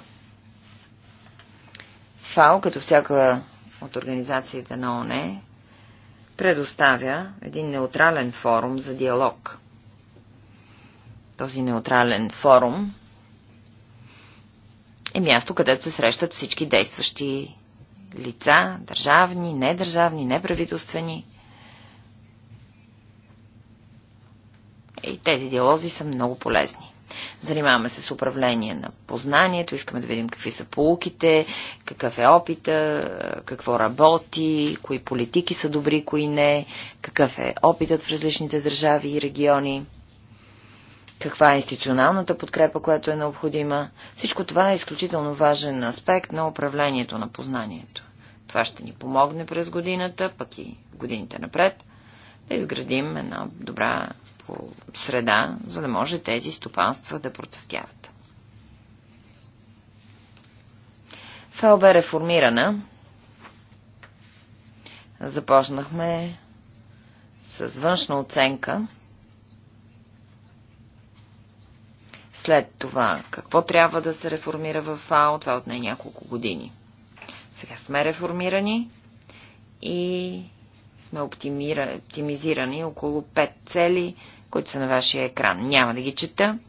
Speaker 3: ФАО, като всяка от организациите на ОНЕ, предоставя един неутрален форум за диалог. Този неутрален форум е място, където се срещат всички действащи лица, държавни, недържавни, неправителствени. И тези диалози са много полезни. Занимаваме се с управление на познанието, искаме да видим какви са полуките, какъв е опита, какво работи, кои политики са добри, кои не, какъв е опитът в различните държави и региони каква е институционалната подкрепа, която е необходима. Всичко това е изключително важен аспект на управлението на познанието. Това ще ни помогне през годината, пък и годините напред, да изградим една добра среда, за да може тези стопанства да процъфтяват. ФАО бе реформирана. Започнахме с външна оценка. След това, какво трябва да се реформира в ФАО, това отне няколко години. Сега сме реформирани и сме оптимизирани около 5 цели, които са на вашия екран. Няма да ги чета.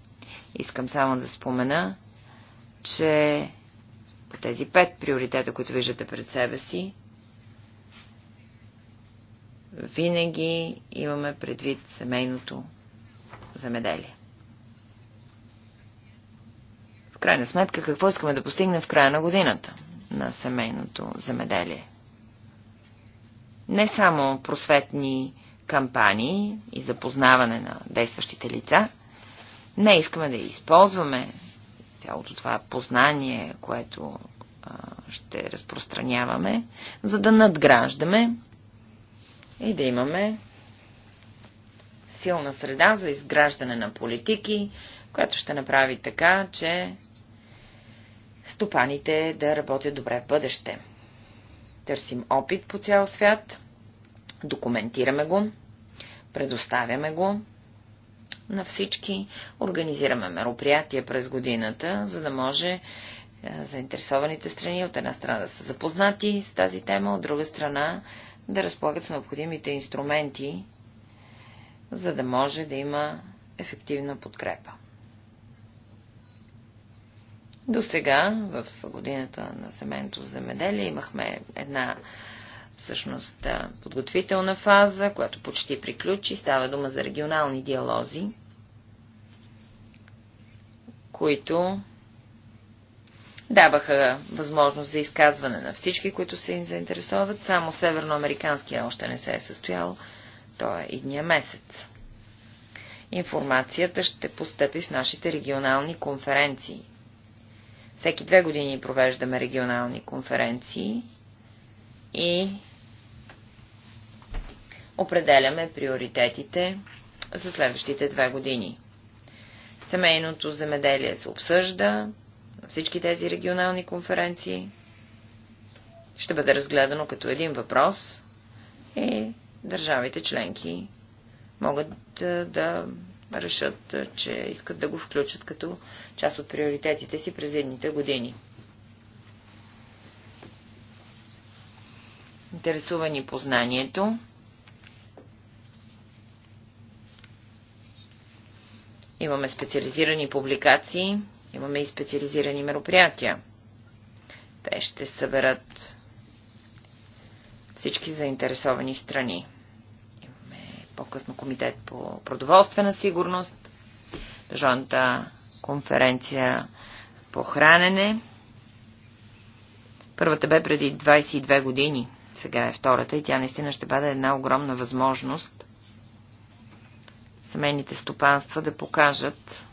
Speaker 3: Искам само да спомена, че по тези пет приоритета, които виждате пред себе си, винаги имаме предвид семейното замеделие. В крайна сметка, какво искаме да постигнем в края на годината на семейното земеделие? Не само просветни кампании и запознаване на действащите лица. Не искаме да използваме цялото това познание, което а, ще разпространяваме, за да надграждаме и да имаме силна среда за изграждане на политики, която ще направи така, че стопаните да работят добре в бъдеще. Търсим опит по цял свят – Документираме го, предоставяме го на всички, организираме мероприятия през годината, за да може е, заинтересованите страни от една страна да са запознати с тази тема, от друга страна да разполагат с необходимите инструменти, за да може да има ефективна подкрепа. До сега, в годината на семейното земеделие, имахме една всъщност подготвителна фаза, която почти приключи. Става дума за регионални диалози, които даваха възможност за изказване на всички, които се заинтересуват. Само северноамериканския още не се е състоял. То е идния месец. Информацията ще постъпи в нашите регионални конференции. Всеки две години провеждаме регионални конференции и определяме приоритетите за следващите две години. Семейното земеделие се обсъжда на всички тези регионални конференции. Ще бъде разгледано като един въпрос и държавите членки могат да, решат, че искат да го включат като част от приоритетите си през едните години. Интересува ни познанието Имаме специализирани публикации, имаме и специализирани мероприятия. Те ще съберат всички заинтересовани страни. Имаме по-късно комитет по продоволствена сигурност, Държавната конференция по хранене. Първата бе преди 22 години, сега е втората и тя наистина ще бъде една огромна възможност семейните стопанства да покажат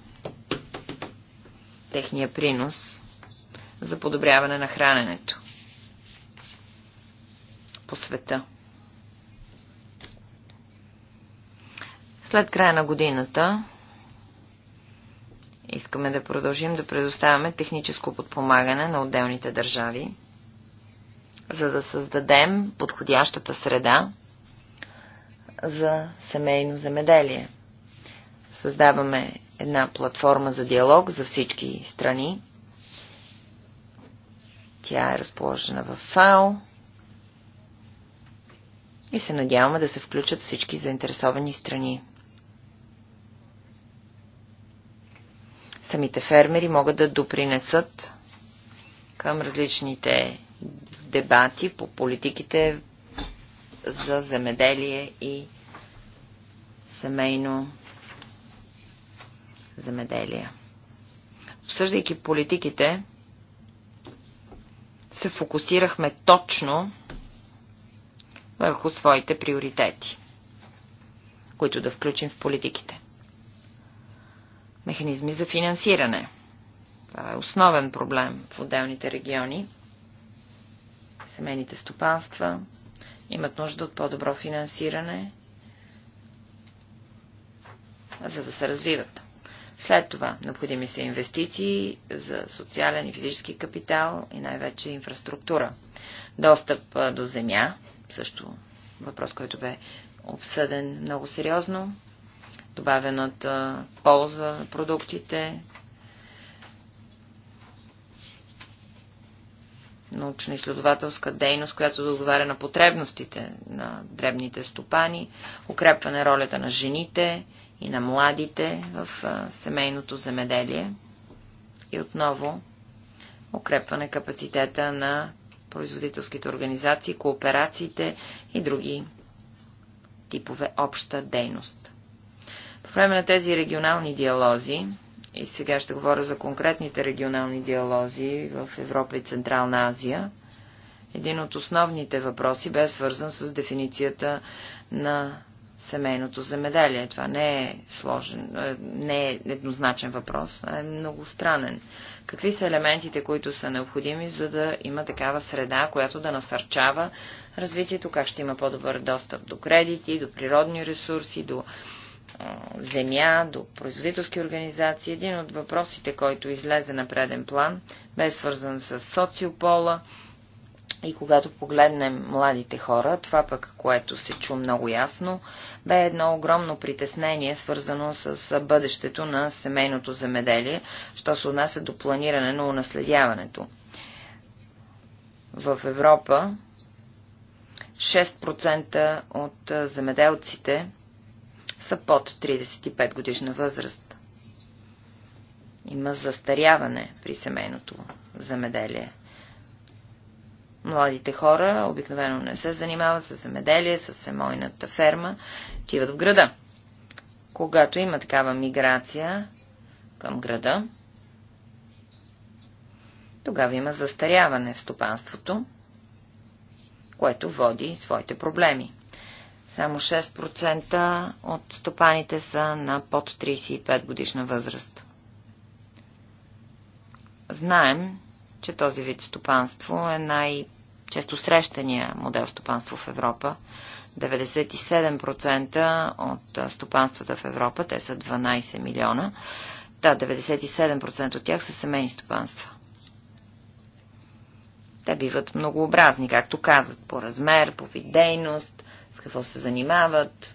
Speaker 3: техния принос за подобряване на храненето по света. След края на годината искаме да продължим да предоставяме техническо подпомагане на отделните държави, за да създадем подходящата среда за семейно земеделие. Създаваме една платформа за диалог за всички страни. Тя е разположена в ФАО и се надяваме да се включат всички заинтересовани страни. Самите фермери могат да допринесат към различните дебати по политиките за земеделие и семейно земеделие. Обсъждайки политиките, се фокусирахме точно върху своите приоритети, които да включим в политиките. Механизми за финансиране. Това е основен проблем в отделните региони. Семейните стопанства имат нужда от по-добро финансиране, за да се развиват. След това необходими са инвестиции за социален и физически капитал и най-вече инфраструктура. Достъп до земя, също въпрос, който бе обсъден много сериозно. Добавената полза на продуктите, научно-изследователска дейност, която да отговаря на потребностите на дребните стопани, укрепване ролята на жените и на младите в семейното земеделие и отново укрепване капацитета на производителските организации, кооперациите и други типове обща дейност. По време на тези регионални диалози, и сега ще говоря за конкретните регионални диалози в Европа и Централна Азия, един от основните въпроси бе свързан с дефиницията на семейното земеделие. Това не е сложен, е, не е еднозначен въпрос, а е много странен. Какви са елементите, които са необходими, за да има такава среда, която да насърчава развитието, как ще има по-добър достъп до кредити, до природни ресурси, до земя, до производителски организации. Един от въпросите, който излезе на преден план, бе свързан с социопола, и когато погледнем младите хора, това пък, което се чу много ясно, бе едно огромно притеснение, свързано с бъдещето на семейното земеделие, що се отнася до планиране на унаследяването. В Европа 6% от земеделците са под 35 годишна възраст. Има застаряване при семейното земеделие. Младите хора обикновено не се занимават с земеделие, с семойната ферма, отиват в града. Когато има такава миграция към града, тогава има застаряване в стопанството, което води своите проблеми. Само 6% от стопаните са на под 35 годишна възраст. Знаем, че този вид стопанство е най- често срещания модел стопанство в Европа. 97% от стопанствата в Европа, те са 12 милиона, да, 97% от тях са семейни стопанства. Те биват многообразни, както казват, по размер, по вид дейност, с какво се занимават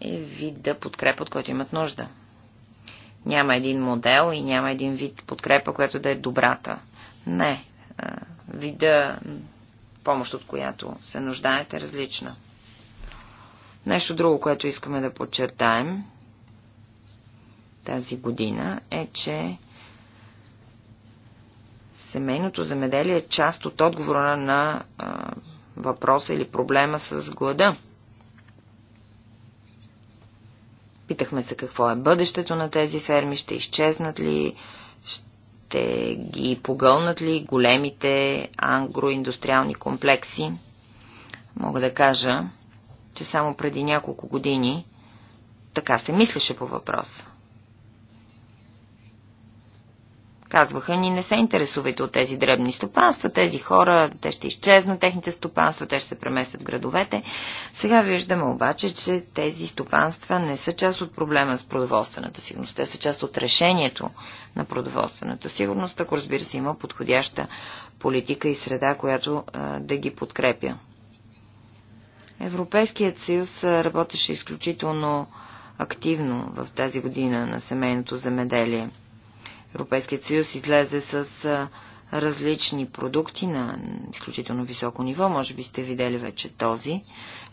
Speaker 3: и да подкрепа, от който имат нужда. Няма един модел и няма един вид подкрепа, която да е добрата. Не, вида помощ, от която се нуждаете, е различна. Нещо друго, което искаме да подчертаем тази година е, че семейното земеделие е част от отговора на а, въпроса или проблема с глада. Питахме се какво е бъдещето на тези ферми, ще изчезнат ли, ще ги погълнат ли големите ангроиндустриални комплекси? Мога да кажа, че само преди няколко години така се мислеше по въпроса. Казваха ни, не се интересувайте от тези дребни стопанства, тези хора, те ще изчезнат, техните стопанства, те ще се преместят в градовете. Сега виждаме обаче, че тези стопанства не са част от проблема с продоволствената сигурност, те са част от решението на продоволствената сигурност, ако разбира се има подходяща политика и среда, която а, да ги подкрепя. Европейският съюз работеше изключително активно в тази година на семейното земеделие – Европейският съюз излезе с различни продукти на изключително високо ниво. Може би сте видели вече този.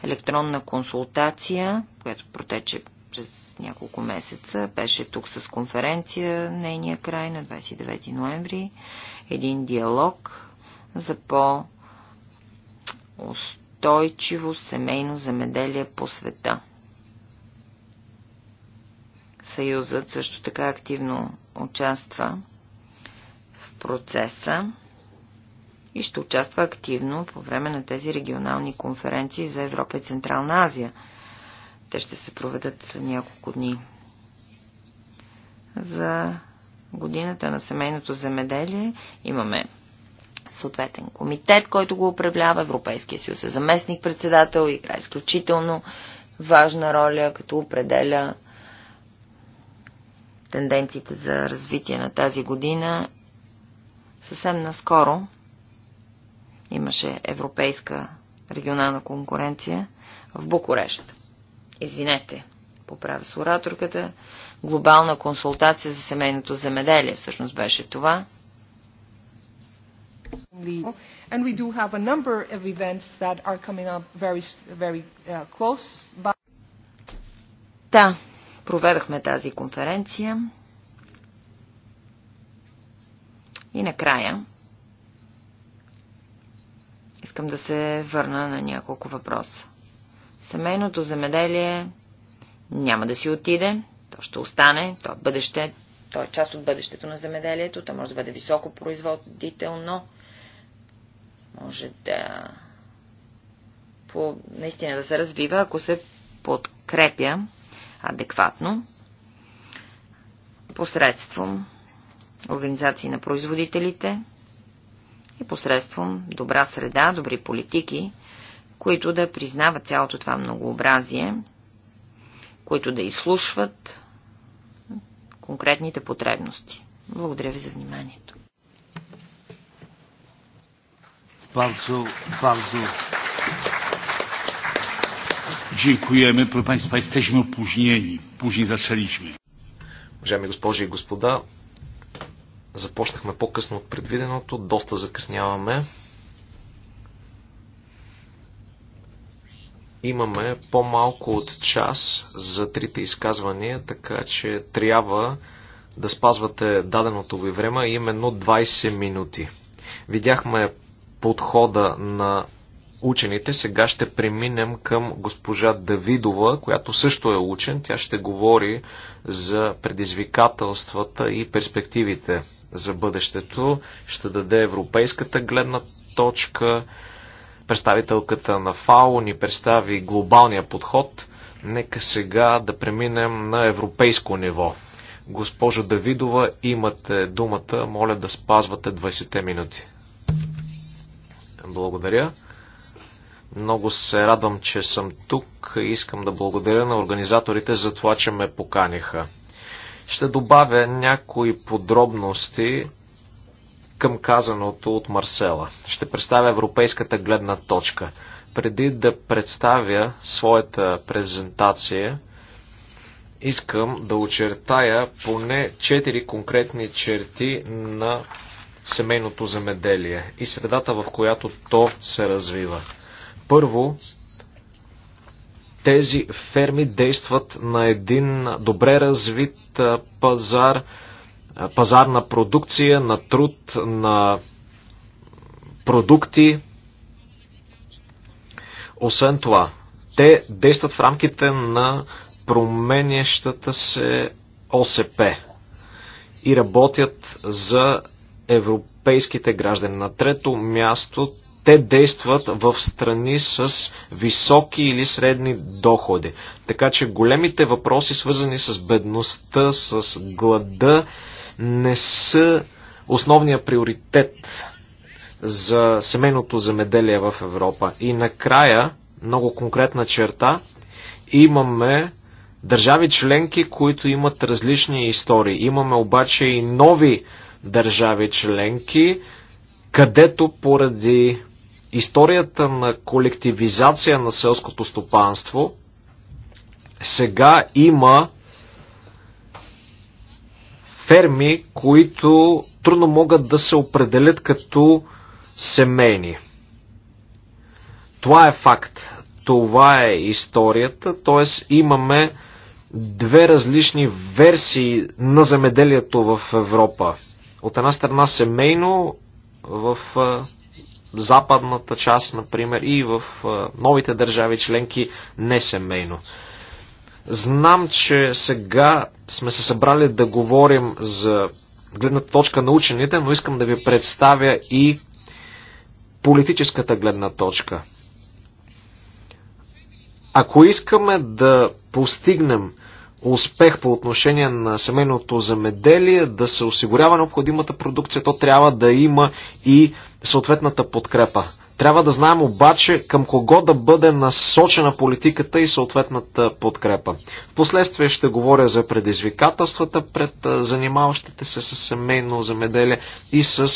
Speaker 3: Електронна консултация, която протече през няколко месеца. Беше тук с конференция нейния край на 29 ноември. Един диалог за по-устойчиво семейно земеделие по света. Съюзът също така активно участва в процеса и ще участва активно по време на тези регионални конференции за Европа и Централна Азия. Те ще се проведат след няколко дни. За годината на семейното земеделие имаме съответен комитет, който го управлява. Европейския съюз е заместник-председател, играе изключително важна роля, като определя тенденциите за развитие на тази година, съвсем наскоро имаше европейска регионална конкуренция в Букурещ. Извинете, поправя с ораторката. Глобална консултация за семейното земеделие всъщност беше това.
Speaker 2: And we do have a number of events
Speaker 3: that are coming up very, very uh, close. Да, Проведахме тази конференция. И накрая искам да се върна на няколко въпроса. Семейното земеделие няма да си отиде, то ще остане, то е бъдеще, то е част от бъдещето на земеделието, то може да бъде високо производително, може да по, наистина да се развива, ако се подкрепя адекватно посредством организации на производителите и посредством добра среда, добри политики, които да признават цялото това многообразие, които да изслушват конкретните потребности. Благодаря ви за вниманието. Bardzo, bardzo.
Speaker 1: Dziękujemy. Proszę Państwa, jesteśmy opóźnieni.
Speaker 4: Później zaczęliśmy. Уважаеми госпожи и господа, започнахме по-късно от предвиденото, доста закъсняваме. Имаме по-малко от час за трите изказвания, така че трябва да спазвате даденото ви време, именно 20 минути. Видяхме подхода на учените. Сега ще преминем към госпожа Давидова, която също е учен. Тя ще говори за предизвикателствата и перспективите за бъдещето. Ще даде европейската гледна точка. Представителката на ФАО ни представи глобалния подход. Нека сега да преминем на европейско ниво. Госпожо Давидова, имате думата. Моля да спазвате 20 минути. Благодаря. Много се радвам, че съм тук. и Искам да благодаря на организаторите за това, че ме поканиха. Ще добавя някои подробности към казаното от Марсела. Ще представя европейската гледна точка. Преди да представя своята презентация, искам да очертая поне четири конкретни черти на семейното земеделие и средата, в която то се развива. Първо, тези ферми действат на един добре развит пазар, пазар на продукция, на труд, на продукти. Освен това, те действат в рамките на променящата се ОСП и работят за европейските граждани. На трето място те действат в страни с високи или средни доходи. Така че големите въпроси, свързани с бедността, с глада, не са основния приоритет за семейното замеделие в Европа. И накрая, много конкретна черта, имаме държави членки, които имат различни истории. Имаме обаче и нови държави членки, където поради историята на колективизация на селското стопанство сега има ферми, които трудно могат да се определят като семейни. Това е факт. Това е историята, т.е. имаме две различни версии на земеделието в Европа. От една страна семейно в западната част, например, и в новите държави членки не семейно. Знам, че сега сме се събрали да говорим за гледната точка на учените, но искам да ви представя и политическата гледна точка. Ако искаме да постигнем успех по отношение на семейното замеделие, да се осигурява необходимата продукция, то трябва да има и съответната подкрепа. Трябва да знаем обаче към кого да бъде насочена политиката и съответната подкрепа. Впоследствие ще говоря за предизвикателствата пред занимаващите се с семейно земеделие и с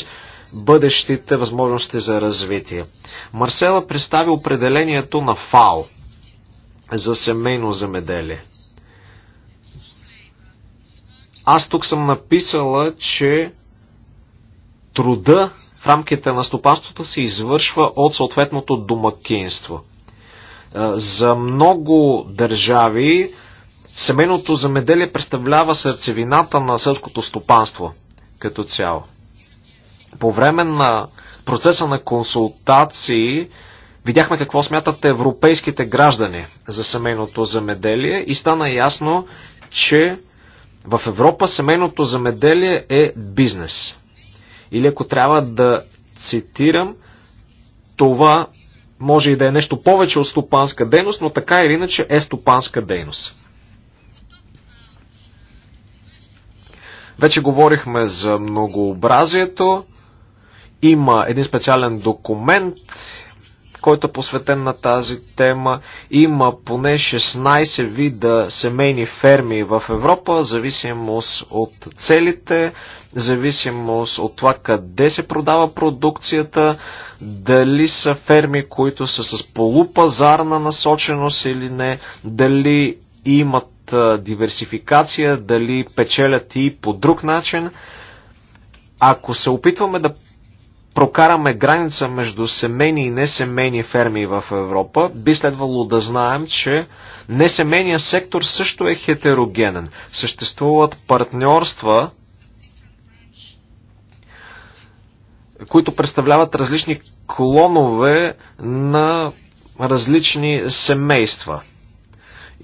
Speaker 4: бъдещите възможности за развитие. Марсела представи определението на ФАО за семейно земеделие. Аз тук съм написала, че труда в рамките на стопанството се извършва от съответното домакинство. Е, за много държави семейното замеделие представлява сърцевината на сърското стопанство като цяло. По време на процеса на консултации видяхме какво смятат европейските граждани за семейното замеделие и стана ясно, че в Европа семейното замеделие е бизнес. Или ако трябва да цитирам, това може и да е нещо повече от стопанска дейност, но така или иначе е стопанска дейност. Вече говорихме за многообразието. Има един специален документ, който е посветен на тази тема. Има поне 16 вида семейни ферми в Европа, зависимост от целите зависимост от това къде се продава продукцията, дали са ферми, които са с полупазарна насоченост или не, дали имат диверсификация, дали печелят и по друг начин. Ако се опитваме да прокараме граница между семейни и несемейни ферми в Европа, би следвало да знаем, че несемейният сектор също е хетерогенен. Съществуват партньорства които представляват различни клонове на различни семейства.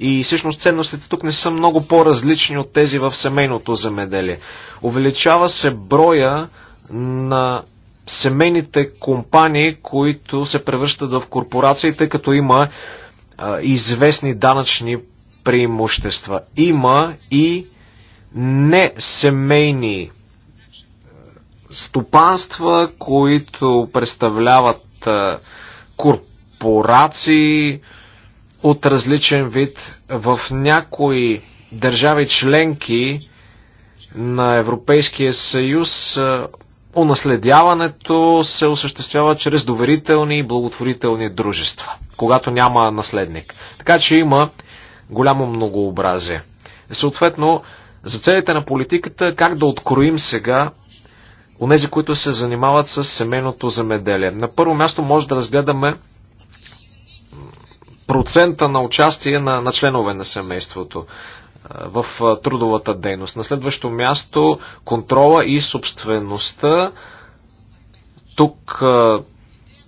Speaker 4: И всъщност ценностите тук не са много по-различни от тези в семейното земеделие. Увеличава се броя на семейните компании, които се превръщат в корпорации, тъй като има а, известни данъчни преимущества. Има и несемейни стопанства, които представляват е, корпорации от различен вид. В някои държави членки на Европейския съюз е, унаследяването се осъществява чрез доверителни и благотворителни дружества, когато няма наследник. Така че има голямо многообразие. Съответно, за целите на политиката, как да откроим сега онези, които се занимават с семейното земеделие. На първо място може да разгледаме процента на участие на, на членове на семейството в трудовата дейност. На следващо място контрола и собствеността. Тук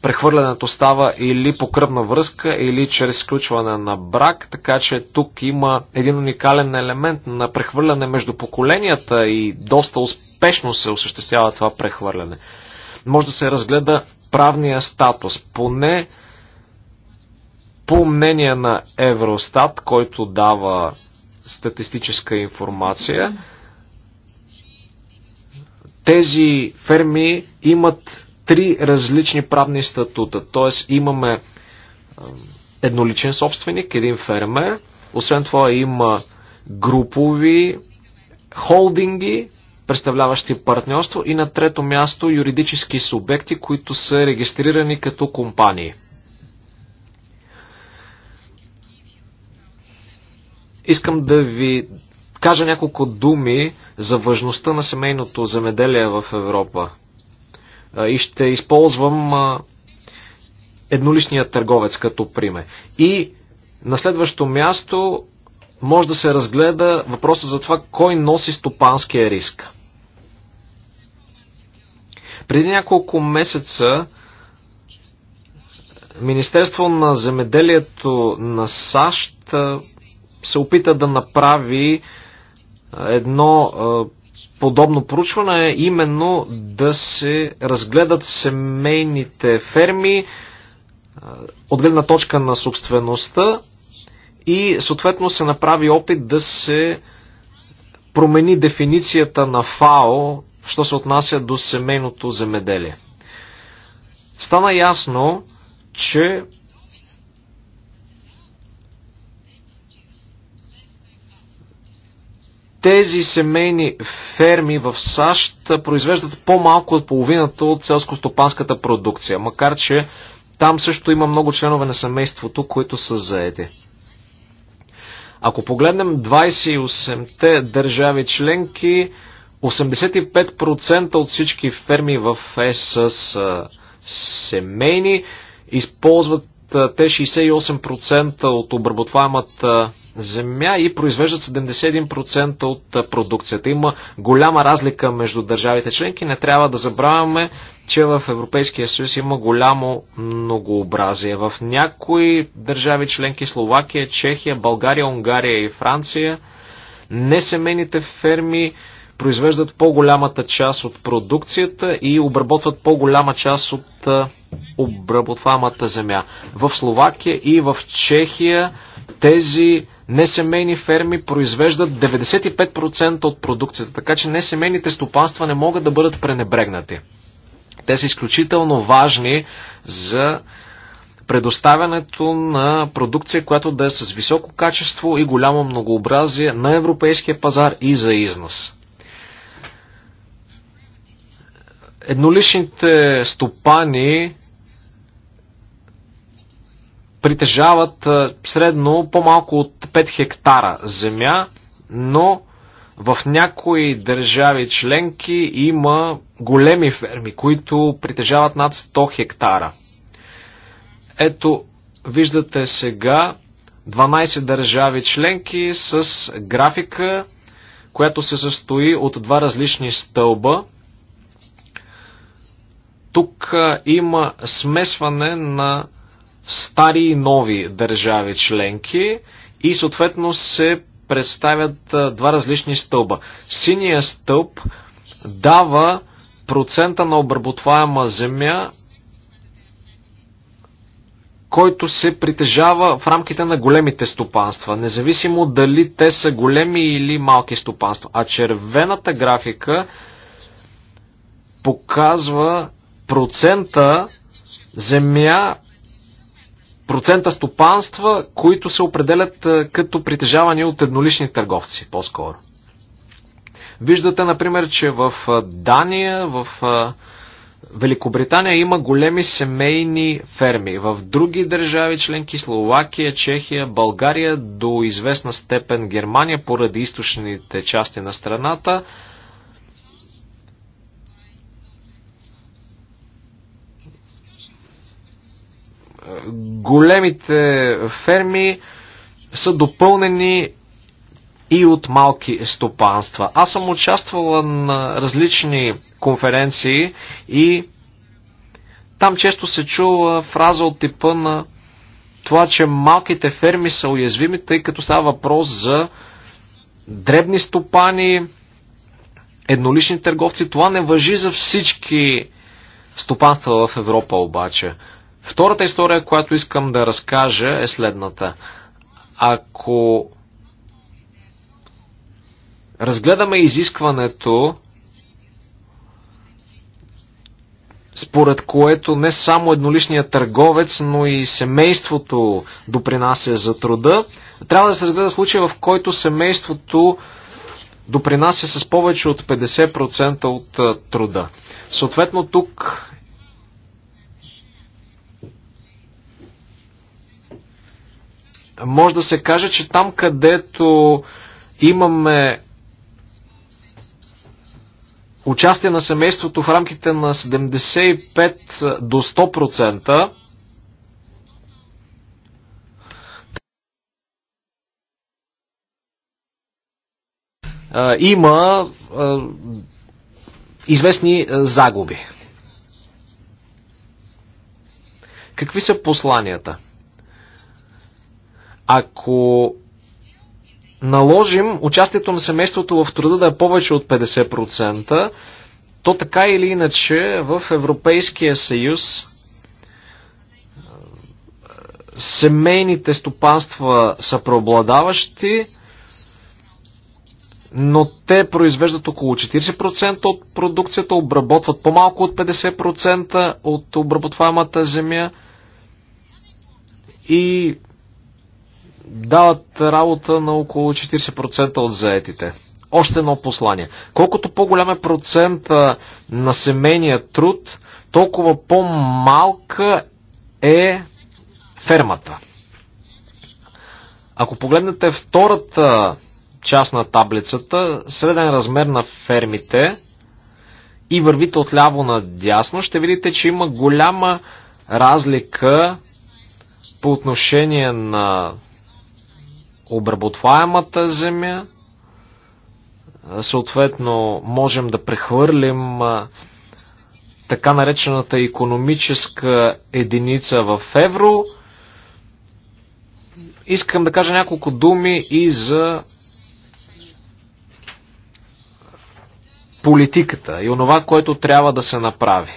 Speaker 4: прехвърлянето става или по кръвна връзка, или чрез сключване на брак, така че тук има един уникален елемент на прехвърляне между поколенията и доста успешно се осъществява това прехвърляне. Може да се разгледа правния статус, поне по мнение на Евростат, който дава статистическа информация, тези ферми имат три различни правни статута. Т.е. имаме едноличен собственик, един фермер, освен това има групови холдинги, представляващи партньорство и на трето място юридически субекти, които са регистрирани като компании. Искам да ви кажа няколко думи за важността на семейното земеделие в Европа и ще използвам едноличния търговец като пример. И на следващо място може да се разгледа въпроса за това кой носи стопанския риск. Преди няколко месеца Министерство на земеделието на САЩ се опита да направи едно подобно проучване е именно да се разгледат семейните ферми от гледна точка на собствеността и съответно се направи опит да се промени дефиницията на ФАО, що се отнася до семейното земеделие. Стана ясно, че тези семейни ферми в САЩ произвеждат по-малко от половината от селско-стопанската продукция, макар че там също има много членове на семейството, които са заети. Ако погледнем 28-те държави членки, 85% от всички ферми в ЕС са семейни, използват те 68% от обработваемата земя и произвеждат 71% от продукцията. Има голяма разлика между държавите членки. Не трябва да забравяме, че в Европейския съюз има голямо многообразие. В някои държави членки Словакия, Чехия, България, Унгария и Франция несемейните ферми произвеждат по-голямата част от продукцията и обработват по-голяма част от обработвамата земя. В Словакия и в Чехия тези несемейни ферми произвеждат 95% от продукцията, така че несемейните стопанства не могат да бъдат пренебрегнати. Те са изключително важни за предоставянето на продукция, която да е с високо качество и голямо многообразие на европейския пазар и за износ. Едноличните стопани притежават средно по-малко от 5 хектара земя, но в някои държави членки има големи ферми, които притежават над 100 хектара. Ето, виждате сега 12 държави членки с графика, която се състои от два различни стълба. Тук има смесване на стари и нови държави членки и съответно се представят два различни стълба. Синия стълб дава процента на обработваема земя, който се притежава в рамките на големите стопанства, независимо дали те са големи или малки стопанства. А червената графика показва процента земя, процента стопанства, които се определят е, като притежавани от еднолични търговци по-скоро. Виждате, например, че в е, Дания, в е, Великобритания има големи семейни ферми. В други държави членки, Словакия, Чехия, България, до известна степен Германия, поради източните части на страната, големите ферми са допълнени и от малки стопанства. Аз съм участвала на различни конференции и там често се чува фраза от типа на това, че малките ферми са уязвими, тъй като става въпрос за дребни стопани, еднолични търговци. Това не въжи за всички стопанства в Европа обаче. Втората история, която искам да разкажа е следната. Ако разгледаме изискването, според което не само едноличният търговец, но и семейството допринася за труда, трябва да се разгледа случай, в който семейството допринася с повече от 50% от труда. Съответно тук може да се каже, че там където имаме участие на семейството в рамките на 75 до 100%, има известни загуби. Какви са посланията? Ако наложим участието на семейството в труда да е повече от 50%, то така или иначе в Европейския съюз семейните стопанства са преобладаващи, но те произвеждат около 40% от продукцията, обработват по-малко от 50% от обработваемата земя и дават работа на около 40% от заетите. Още едно послание. Колкото по-голям е процент на семейния труд, толкова по-малка е фермата. Ако погледнете втората част на таблицата, среден размер на фермите и вървите от ляво на дясно, ще видите, че има голяма разлика по отношение на обработваемата земя. Съответно, можем да прехвърлим така наречената економическа единица в евро. Искам да кажа няколко думи и за политиката и онова, което трябва да се направи.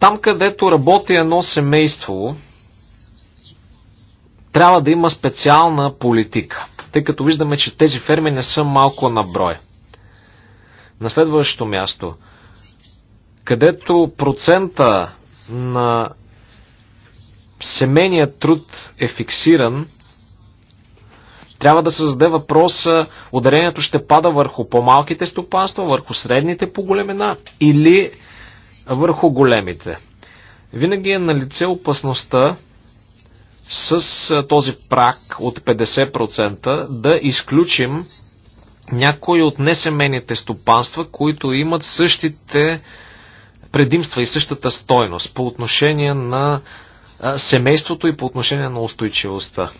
Speaker 4: Там, където работи едно семейство, трябва да има специална политика, тъй като виждаме, че тези ферми не са малко на брой. На следващото място, където процента на семейният труд е фиксиран, трябва да се зададе въпроса, ударението ще пада върху по-малките стопанства, върху средните по големина или върху големите. Винаги е на лице опасността с този прак от 50% да изключим някои от несемейните стопанства, които имат същите предимства и същата стойност по отношение на семейството и по отношение на устойчивостта.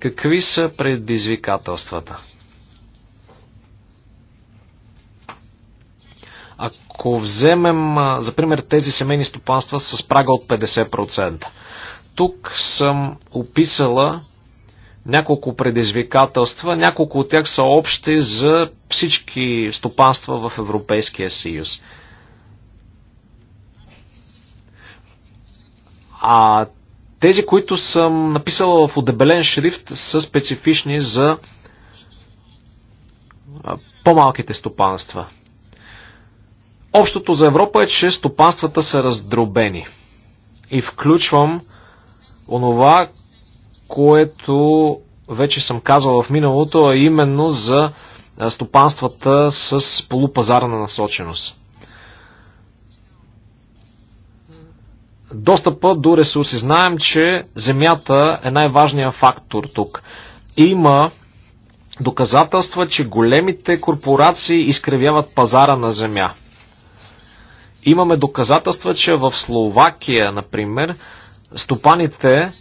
Speaker 4: Какви са предизвикателствата? Ако вземем, за пример, тези семейни стопанства с прага от 50%, тук съм описала няколко предизвикателства. Няколко от тях са общи за всички стопанства в Европейския съюз. А тези, които съм написала в удебелен шрифт, са специфични за по-малките стопанства. Общото за Европа е, че стопанствата са раздробени. И включвам онова, което вече съм казал в миналото, а именно за стопанствата с полупазарна насоченост. Достъпа до ресурси. Знаем, че земята е най-важният фактор тук. Има доказателства, че големите корпорации изкривяват пазара на земя. Имаме доказателства, че в Словакия, например, стопаните,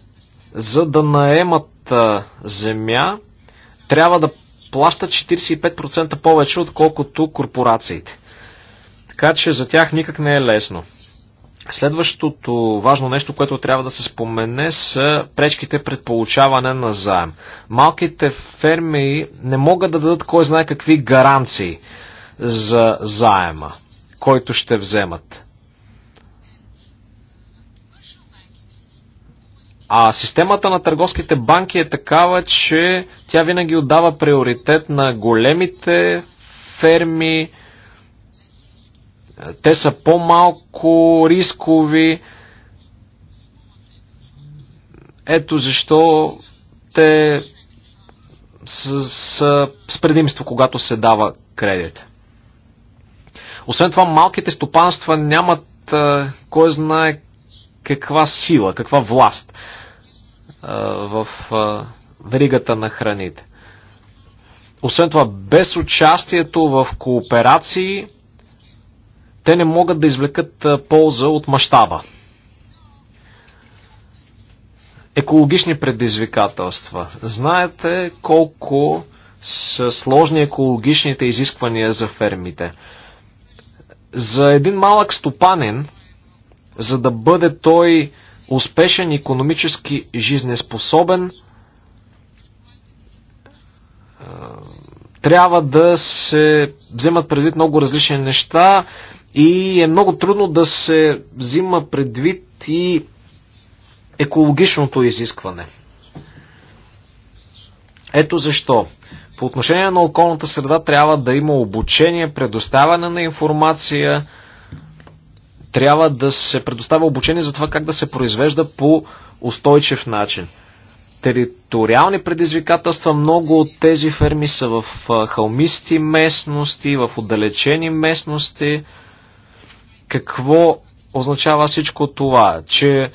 Speaker 4: за да наемат земя, трябва да плащат 45% повече, отколкото корпорациите. Така че за тях никак не е лесно. Следващото важно нещо, което трябва да се спомене, са пречките пред получаване на заем. Малките ферми не могат да дадат кой знае какви гаранции за заема, който ще вземат. А системата на търговските банки е такава, че тя винаги отдава приоритет на големите ферми. Те са по-малко рискови. Ето защо те с, с, с предимство, когато се дава кредит. Освен това, малките стопанства нямат а, кой знае каква сила, каква власт в веригата на храните. Освен това, без участието в кооперации, те не могат да извлекат полза от мащаба. Екологични предизвикателства. Знаете колко са сложни екологичните изисквания за фермите. За един малък стопанин, за да бъде той успешен, економически жизнеспособен, трябва да се вземат предвид много различни неща и е много трудно да се взима предвид и екологичното изискване. Ето защо. По отношение на околната среда трябва да има обучение, предоставяне на информация, трябва да се предоставя обучение за това как да се произвежда по устойчив начин. Териториални предизвикателства, много от тези ферми са в халмисти местности, в отдалечени местности. Какво означава всичко това? Че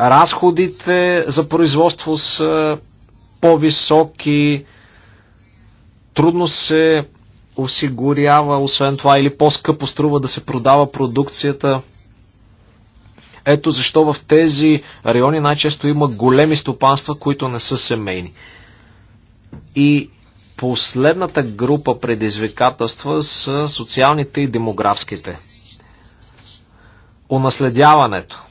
Speaker 4: разходите за производство са по-високи, трудно се осигурява, освен това, или по-скъпо струва да се продава продукцията. Ето защо в тези райони най-често има големи стопанства, които не са семейни. И последната група предизвикателства са социалните и демографските. Онаследяването.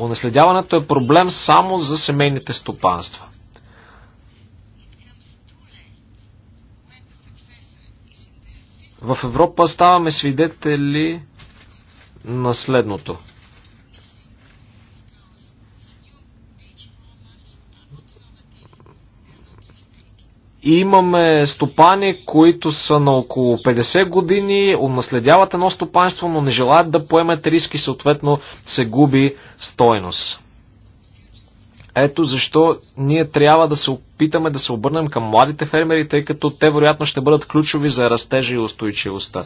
Speaker 4: Онаследяването е проблем само за семейните стопанства – В Европа ставаме свидетели на следното. И имаме стопани, които са на около 50 години, унаследяват едно стопанство, но не желаят да поемат риски, съответно се губи стойност. Ето защо ние трябва да се опитаме да се обърнем към младите фермери, тъй като те вероятно ще бъдат ключови за растежа и устойчивостта.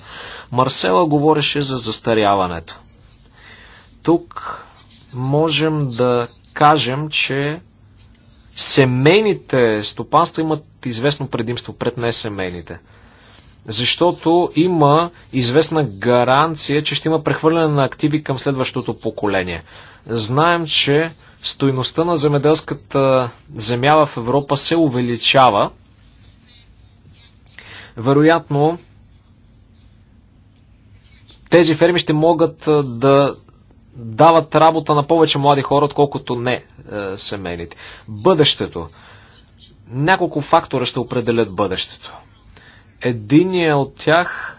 Speaker 4: Марсела говореше за застаряването. Тук можем да кажем, че семейните стопанства имат известно предимство пред несемейните. Защото има известна гаранция, че ще има прехвърляне на активи към следващото поколение. Знаем, че Стоиността на земеделската земя в Европа се увеличава. Вероятно, тези ферми ще могат да дават работа на повече млади хора, отколкото не е, семейните. Бъдещето. Няколко фактора ще определят бъдещето. Единият от тях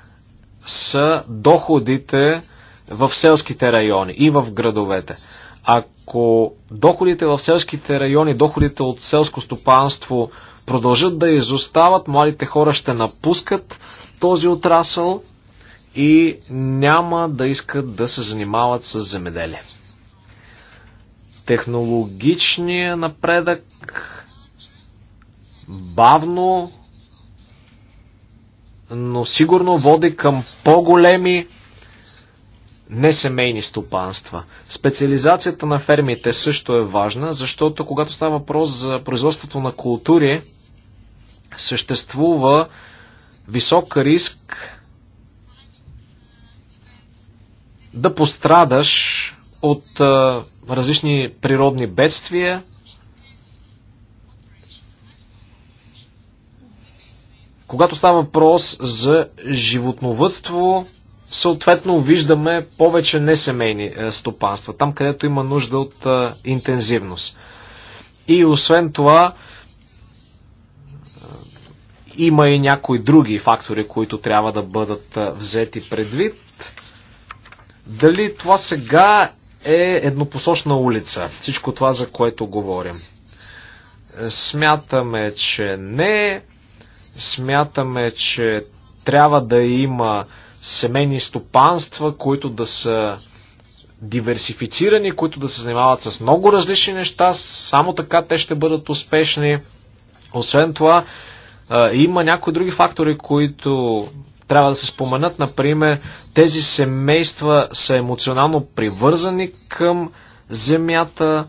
Speaker 4: са доходите в селските райони и в градовете. Ако ако доходите в селските райони, доходите от селско стопанство продължат да изостават, младите хора ще напускат този отрасъл и няма да искат да се занимават с земеделие. Технологичният напредък бавно, но сигурно води към по-големи несемейни стопанства. Специализацията на фермите също е важна, защото когато става въпрос за производството на култури, съществува висок риск да пострадаш от а, различни природни бедствия, когато става въпрос за животновътство, съответно виждаме повече несемейни е, стопанства, там където има нужда от е, интензивност. И освен това, е, има и някои други фактори, които трябва да бъдат взети предвид. Дали това сега е еднопосочна улица, всичко това, за което говорим? Смятаме, че не. Смятаме, че трябва да има семейни стопанства, които да са диверсифицирани, които да се занимават с много различни неща, само така те ще бъдат успешни. Освен това, има някои други фактори, които трябва да се споменат. Например, тези семейства са емоционално привързани към земята.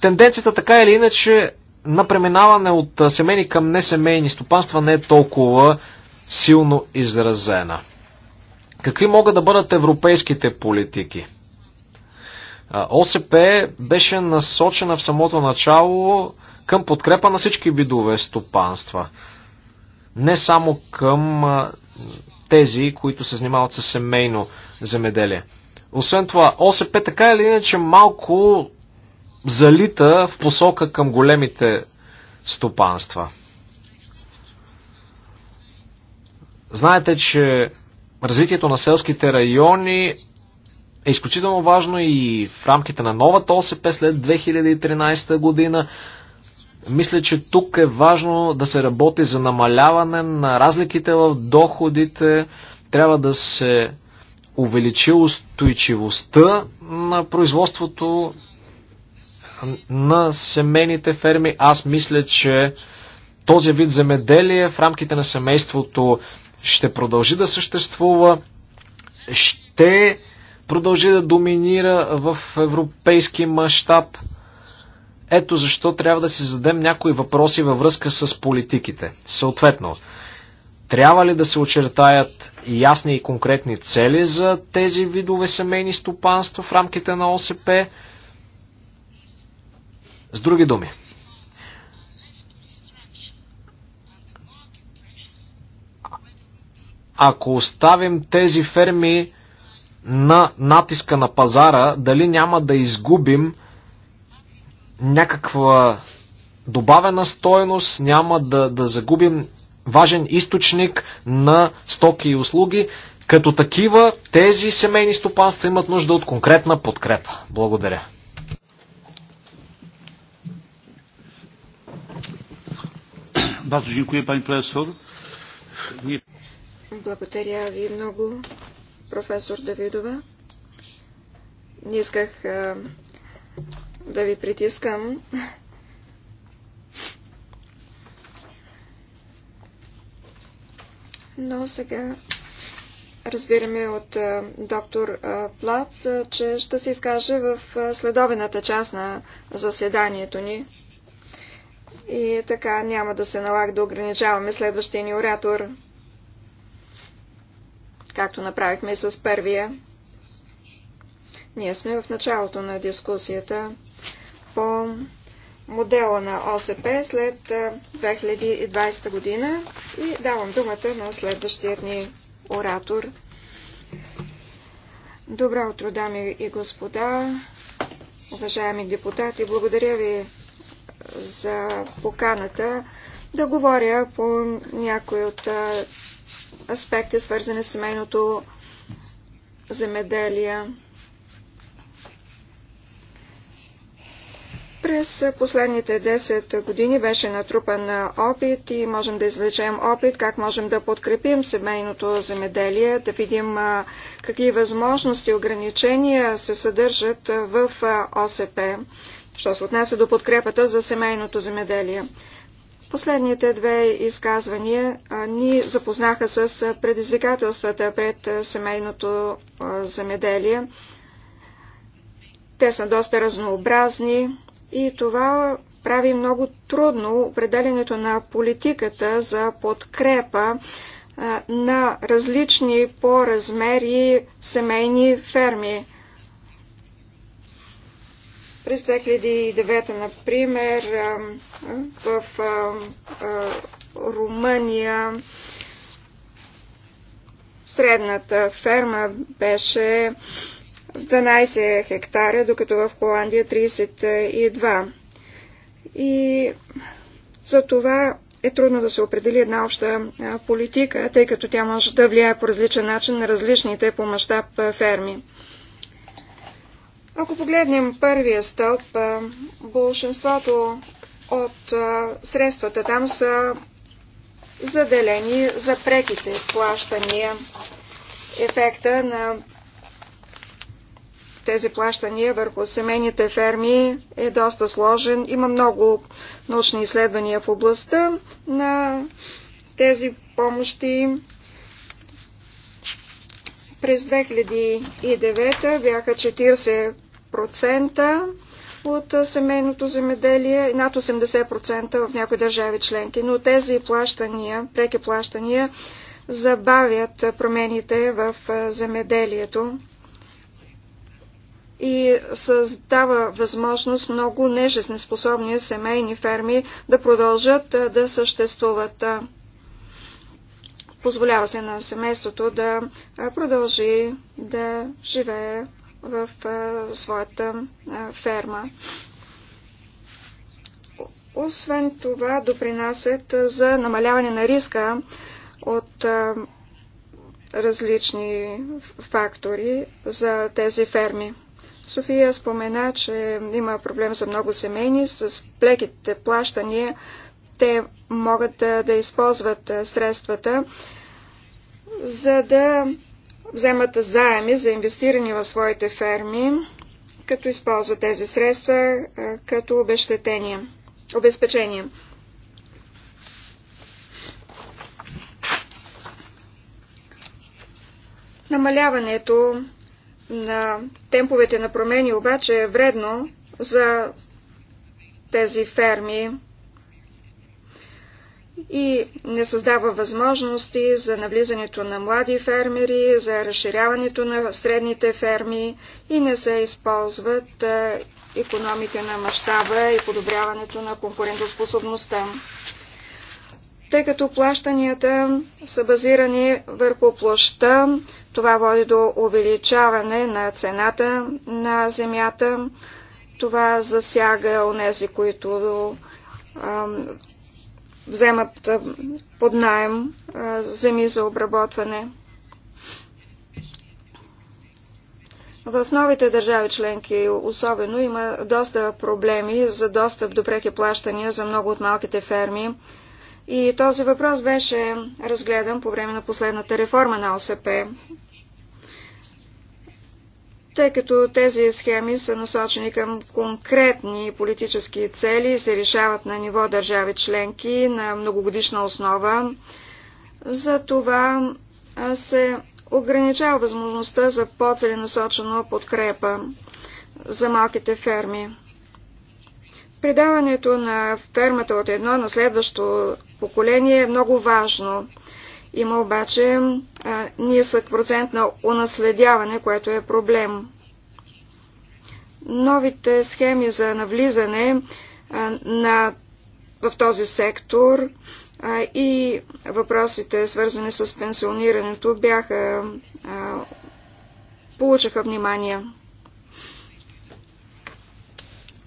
Speaker 4: Тенденцията така или иначе на преминаване от семейни към несемейни стопанства не е толкова силно изразена. Какви могат да бъдат европейските политики? ОСП беше насочена в самото начало към подкрепа на всички видове стопанства. Не само към тези, които се занимават с семейно земеделие. Освен това, ОСП така или иначе малко залита в посока към големите стопанства. Знаете, че развитието на селските райони е изключително важно и в рамките на новата ОСП след 2013 година. Мисля, че тук е важно да се работи за намаляване на разликите в доходите. Трябва да се увеличи устойчивостта на производството на семейните ферми. Аз мисля, че този вид земеделие в рамките на семейството ще продължи да съществува, ще продължи да доминира в европейски мащаб. Ето защо трябва да си зададем някои въпроси във връзка с политиките. Съответно, трябва ли да се очертаят ясни и конкретни цели за тези видове семейни стопанства в рамките на ОСП? С други думи, ако оставим тези ферми на натиска на пазара, дали няма да изгубим някаква добавена стоеност, няма да, да загубим важен източник на стоки и услуги. Като такива, тези семейни стопанства имат нужда от конкретна подкрепа. Благодаря.
Speaker 1: Bardzo dziękuję Pani Profesor.
Speaker 2: Благодаря ви много, професор Давидова. Не исках а, да ви притискам. Но сега разбираме от а, доктор а, Плац, а, че ще се изкаже в а, следобената част на заседанието ни. И така няма да се налага да ограничаваме следващия ни оратор както направихме с първия. Ние сме в началото на дискусията по модела на ОСП след 2020 година и давам думата на следващия ни оратор. Добро утро, дами и господа, уважаеми депутати, благодаря ви за поканата да говоря по някои от аспекти, свързани с семейното земеделие. През последните 10 години беше натрупан опит и можем да извлечем опит как можем да подкрепим семейното земеделие, да видим какви възможности и ограничения се съдържат в ОСП, що се отнася до подкрепата за семейното земеделие. Последните две изказвания ни запознаха с предизвикателствата пред семейното земеделие. Те са доста разнообразни и това прави много трудно определенето на политиката за подкрепа на различни по размери семейни ферми. През 2009, например, в Румъния средната ферма беше 12 хектара, докато в Холандия 32. И за това е трудно да се определи една обща политика, тъй като тя може да влияе по различен начин на различните по мащаб ферми. Ако погледнем първия стълб, большинството от средствата там са заделени за преките плащания. Ефекта на тези плащания върху семейните ферми е доста сложен. Има много научни изследвания в областта на тези помощи. През 2009 бяха 40 80% от семейното земеделие, над 80% в някои държави членки. Но тези плащания, преки плащания, забавят промените в земеделието и създава възможност много нежизнеспособни семейни ферми да продължат да съществуват. Позволява се на семейството да продължи да живее в своята ферма. Освен това, допринасят за намаляване на риска от различни фактори за тези ферми. София спомена, че има проблем за много семейни с плеките плащания. Те могат да, да използват средствата, за да вземат заеми за инвестиране в своите ферми, като използват тези средства като обещетение, обезпечение. Намаляването на темповете на промени обаче е вредно за тези ферми, и не създава възможности за навлизането на млади фермери, за разширяването на средните ферми и не се използват економите на мащаба и подобряването на конкурентоспособността. Тъй като плащанията са базирани върху площа, това води до увеличаване на цената на земята. Това засяга онези, които вземат под найем земи за обработване. В новите държави членки особено има доста проблеми за достъп до преки плащания за много от малките ферми. И този въпрос беше разгледан по време на последната реформа на ОСП тъй като тези схеми са насочени към конкретни политически цели и се решават на ниво държави членки на многогодишна основа. За това се ограничава възможността за по-целенасочена подкрепа за малките ферми. Предаването на фермата от едно на следващо поколение е много важно – има обаче нисък процент на унаследяване, което е проблем. Новите схеми за навлизане на, в този сектор и въпросите, свързани с пенсионирането, бяха, получаха внимание.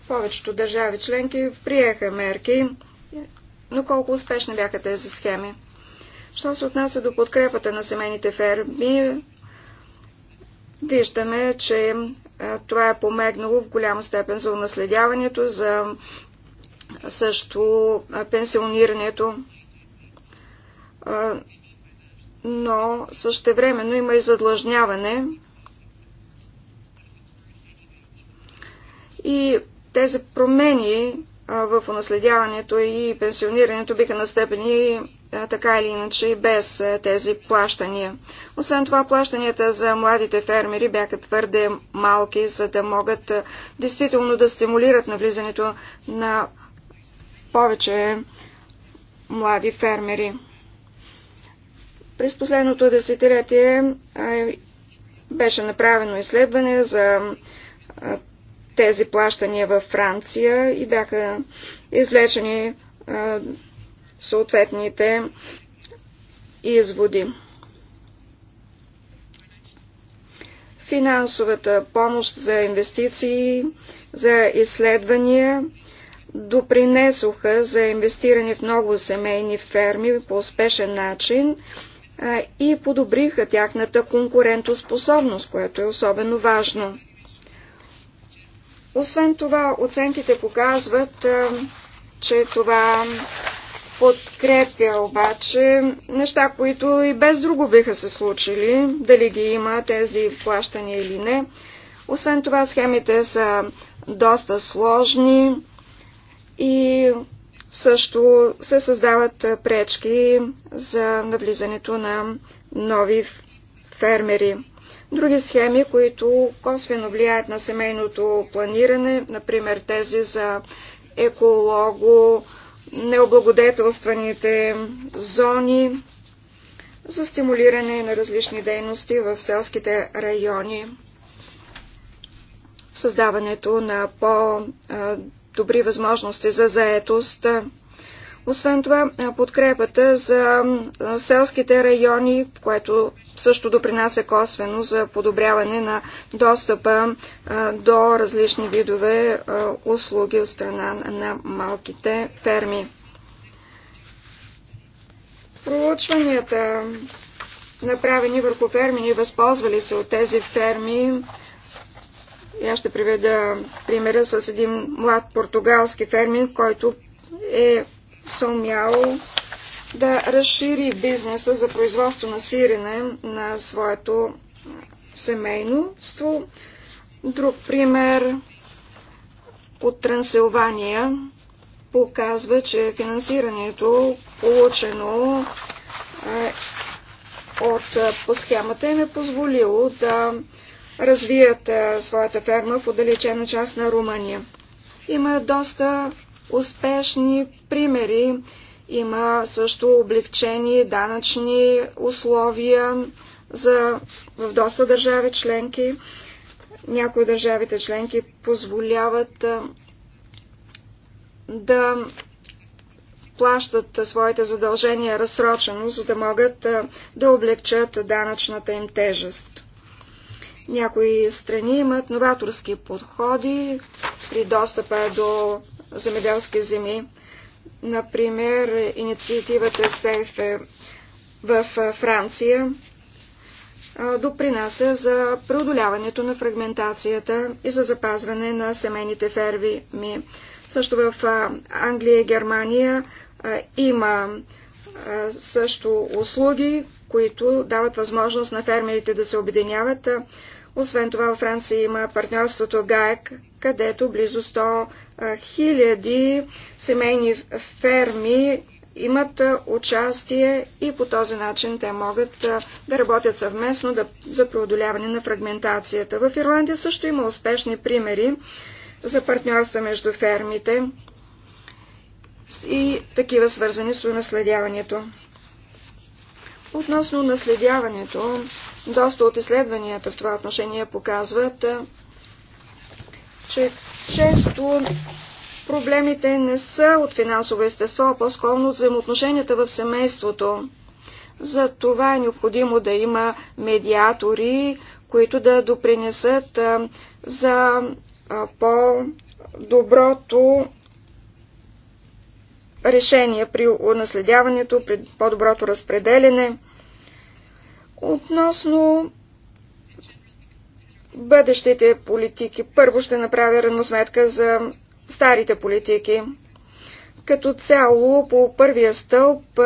Speaker 2: Повечето държави членки приеха мерки, но колко успешни бяха тези схеми? Що се отнася до подкрепата на семейните ферми, виждаме, че това е помегнало в голяма степен за унаследяването, за също пенсионирането. Но същевременно има и задлъжняване. И тези промени в унаследяването и пенсионирането биха настъпени така или иначе и без тези плащания. Освен това, плащанията за младите фермери бяха твърде малки, за да могат действително да стимулират навлизането на повече млади фермери. През последното десетилетие беше направено изследване за тези плащания във Франция и бяха излечени съответните изводи. Финансовата помощ за инвестиции, за изследвания допринесоха за инвестиране в много семейни ферми по успешен начин и подобриха тяхната конкурентоспособност, което е особено важно. Освен това, оценките показват, че това подкрепя обаче неща, които и без друго биха се случили, дали ги има тези плащания или не. Освен това, схемите са доста сложни и също се създават пречки за навлизането на нови фермери. Други схеми, които косвено влияят на семейното планиране, например тези за еколого, необлагодетелстваните зони за стимулиране на различни дейности в селските райони, създаването на по-добри възможности за заетост, освен това, подкрепата за селските райони, което също допринася косвено за подобряване на достъпа до различни видове услуги от страна на малките ферми. Проучванията, направени върху и възползвали се от тези ферми, я ще приведа примера с един млад португалски фермин, който е съумяло да разшири бизнеса за производство на сирене на своето семейноство. Друг пример от Трансилвания показва, че финансирането, получено е, от, е, по схемата, е не позволило да развият е, своята ферма в отдалечена част на Румъния. Има доста успешни примери. Има също облегчени данъчни условия за, в доста държави членки. Някои държавите членки позволяват да плащат своите задължения разсрочено, за да могат да облегчат данъчната им тежест. Някои страни имат новаторски подходи при достъпа до земеделски земи. Например, инициативата СЕФ е в Франция допринася за преодоляването на фрагментацията и за запазване на семейните ферми. Също в Англия и Германия има също услуги, които дават възможност на фермерите да се объединяват. Освен това, във Франция има партньорството ГАЕК, където близо 100 хиляди семейни ферми имат участие и по този начин те могат да работят съвместно за преодоляване на фрагментацията. В Ирландия също има успешни примери за партньорства между фермите и такива свързани с унаследяването. Относно наследяването, доста от изследванията в това отношение показват, че често проблемите не са от финансово естество, а по-скоро от взаимоотношенията в семейството. За това е необходимо да има медиатори, които да допринесат за по-доброто решение при наследяването, при по-доброто разпределене. Относно бъдещите политики, първо ще направя равносметка за старите политики. Като цяло по първия стълб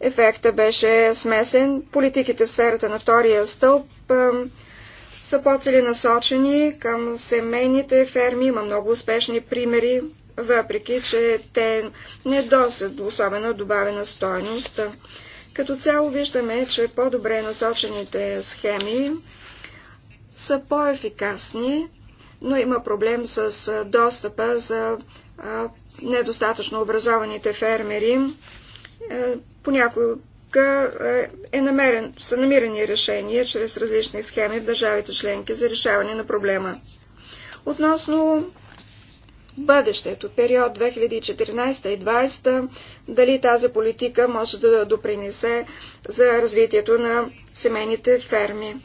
Speaker 2: ефекта беше смесен. Политиките в сферата на втория стълб са по-целенасочени към семейните ферми. Има много успешни примери, въпреки че те не досят особено добавена стойност. Като цяло виждаме, че по-добре насочените схеми са по-ефикасни, но има проблем с достъпа за недостатъчно образованите фермери. Е, понякога е, е намерен, са намирани решения чрез различни схеми в държавите членки за решаване на проблема. Относно бъдещето, период 2014 и 2020, дали тази политика може да допринесе за развитието на семейните ферми.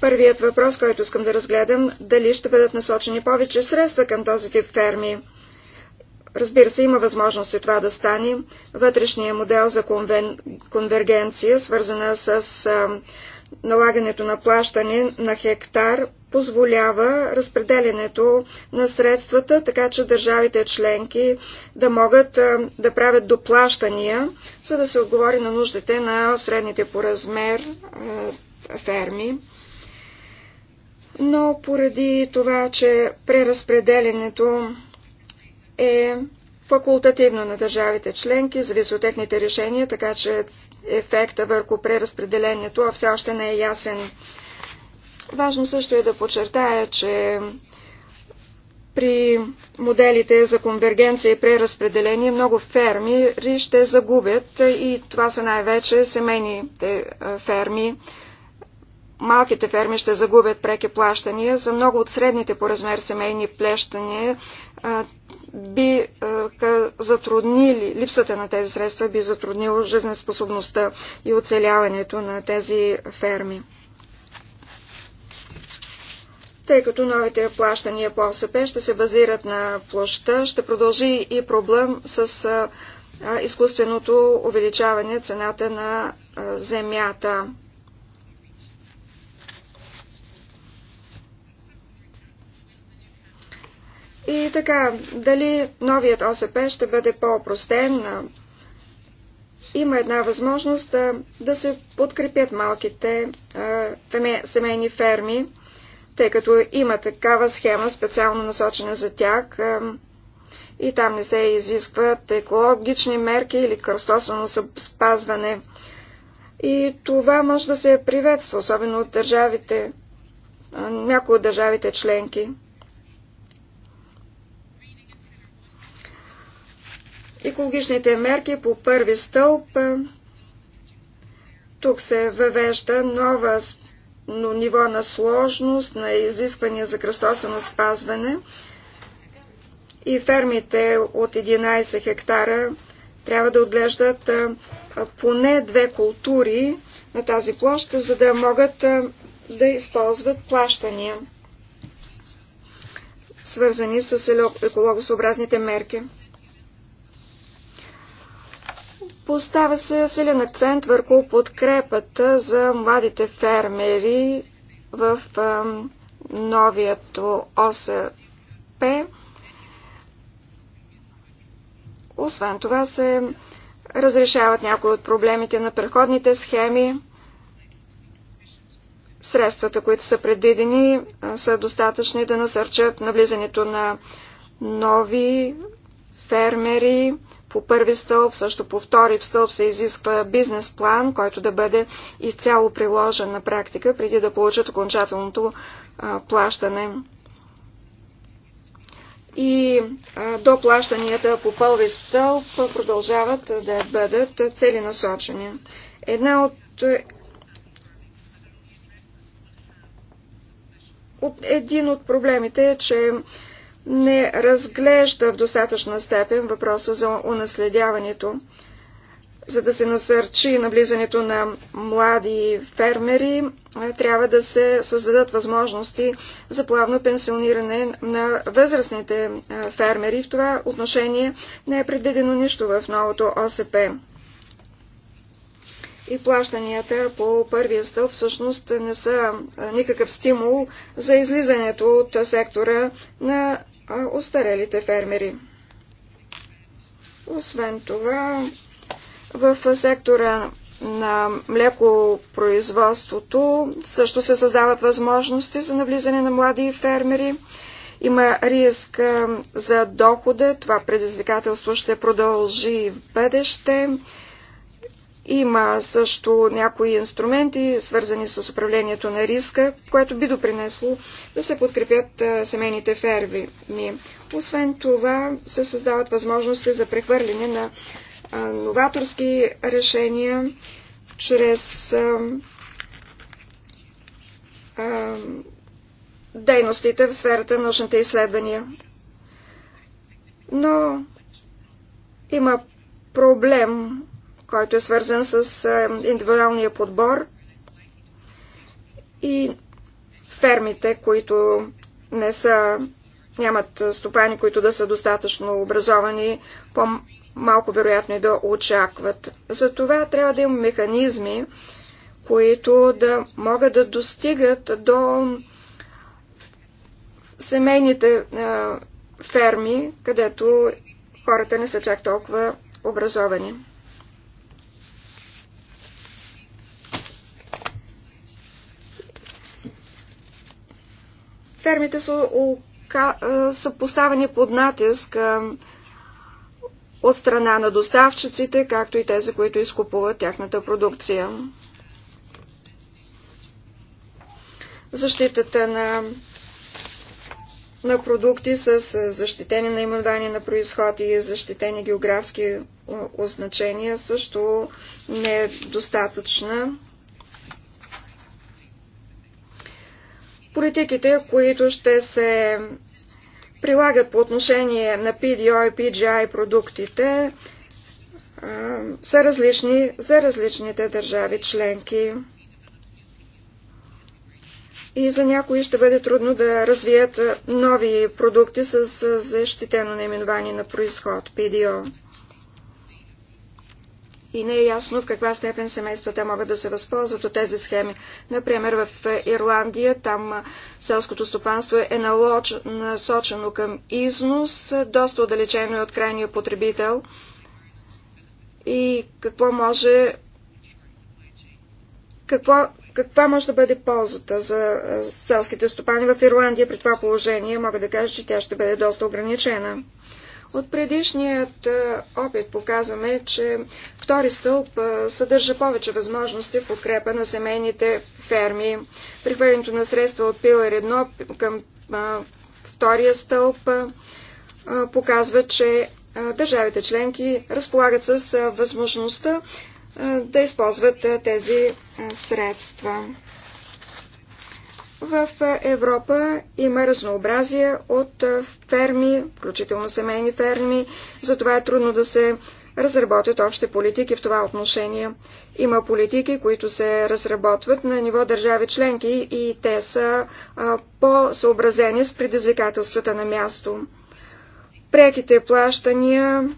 Speaker 2: Първият въпрос, който искам да разгледам, дали ще бъдат насочени повече средства към този тип ферми. Разбира се, има възможност и това да стане. Вътрешният модел за конвен... конвергенция, свързана с налагането на плащане на хектар позволява разпределянето на средствата, така че държавите членки да могат да правят доплащания, за да се отговори на нуждите на средните по размер ферми. Но поради това, че преразпределянето е факултативно на държавите членки, зависи от техните решения, така че ефекта върху преразпределението все още не е ясен. Важно също е да подчертая, че при моделите за конвергенция и преразпределение много ферми ще загубят и това са най-вече семейните е, ферми. Малките ферми ще загубят преки плащания. За много от средните по размер семейни плещания е, би е, затруднили, липсата на тези средства би затруднило жизнеспособността и оцеляването на тези ферми тъй като новите плащания по ОСП ще се базират на площа, ще продължи и проблем с изкуственото увеличаване цената на земята. И така, дали новият ОСП ще бъде по простен има една възможност да, да се подкрепят малките а, семейни ферми тъй като има такава схема специално насочена за тях и там не се изискват екологични мерки или кръстосано спазване. И това може да се приветства, особено от държавите, някои от държавите членки. Екологичните мерки по първи стълб. Тук се въвежда нова но ниво на сложност, на изисквания за кръстосано спазване. И фермите от 11 хектара трябва да отглеждат поне две култури на тази площ, за да могат да използват плащания, свързани с екологосъобразните мерки. Поставя се силен акцент върху подкрепата за младите фермери в новият ОСП. Освен това се разрешават някои от проблемите на преходните схеми. Средствата, които са предвидени, са достатъчни да насърчат навлизането на нови фермери, по първи стълб, също по втори стълб се изисква бизнес план, който да бъде изцяло приложен на практика, преди да получат окончателното плащане. И доплащанията до плащанията по първи стълб продължават да бъдат целенасочени. Една от един от проблемите е, че не разглежда в достатъчна степен въпроса за унаследяването. За да се насърчи навлизането на млади фермери, е, трябва да се създадат възможности за плавно пенсиониране на възрастните е, фермери. В това отношение не е предвидено нищо в новото ОСП и плащанията по първия стълб всъщност не са никакъв стимул за излизането от сектора на остарелите фермери. Освен това, в сектора на млекопроизводството също се създават възможности за навлизане на млади фермери. Има риск за дохода. Това предизвикателство ще продължи в бъдеще. Има също някои инструменти, свързани с управлението на риска, което би допринесло да се подкрепят семейните ферми. Освен това, се създават възможности за прехвърляне на новаторски решения чрез дейностите в сферата на научните изследвания. Но има проблем който е свързан с е, индивидуалния подбор и фермите, които не са, нямат стопани, които да са достатъчно образовани, по-малко вероятно и да очакват. Затова трябва да има механизми, които да могат да достигат до семейните е, ферми, където хората не са чак толкова образовани. Фермите са, са поставени под натиск от страна на доставчиците, както и тези, които изкупуват тяхната продукция. Защитата на, на продукти с защитени наименования на происход и защитени географски означения също не е достатъчна. Политиките, които ще се прилагат по отношение на PDO и PGI продуктите, са различни за различните държави членки. И за някои ще бъде трудно да развият нови продукти с защитено наименование на происход PDO и не е ясно в каква степен семействата могат да се възползват от тези схеми. Например, в Ирландия там селското стопанство е налоч... насочено към износ, доста отдалечено е от крайния потребител. И какво може какво, каква може да бъде ползата за селските стопани в Ирландия при това положение? Мога да кажа, че тя ще бъде доста ограничена. От предишният е, опит показваме, че втори стълб е, съдържа повече възможности в укрепа на семейните ферми. Прехвърлянето на средства от пилър 1 към е, втория стълб показва, че държавите членки разполагат с възможността да използват тези средства. В Европа има разнообразие от ферми, включително семейни ферми, затова е трудно да се разработят общи политики в това отношение. Има политики, които се разработват на ниво държави членки и те са по-съобразени с предизвикателствата на място. Преките плащания,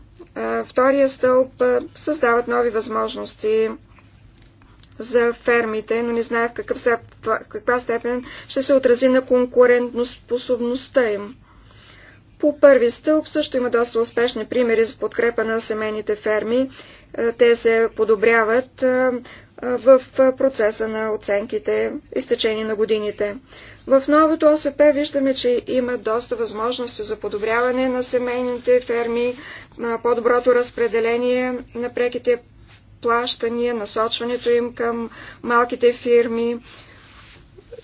Speaker 2: втория стълб създават нови възможности за фермите, но не знае в какъв, каква степен ще се отрази на конкурентоспособността им. По първи стълб също има доста успешни примери за подкрепа на семейните ферми. Е, те се подобряват е, е, в процеса на оценките изтечение на годините. В новото ОСП виждаме, че има доста възможности за подобряване на семейните ферми, по-доброто разпределение на преките плащания, насочването им към малките фирми,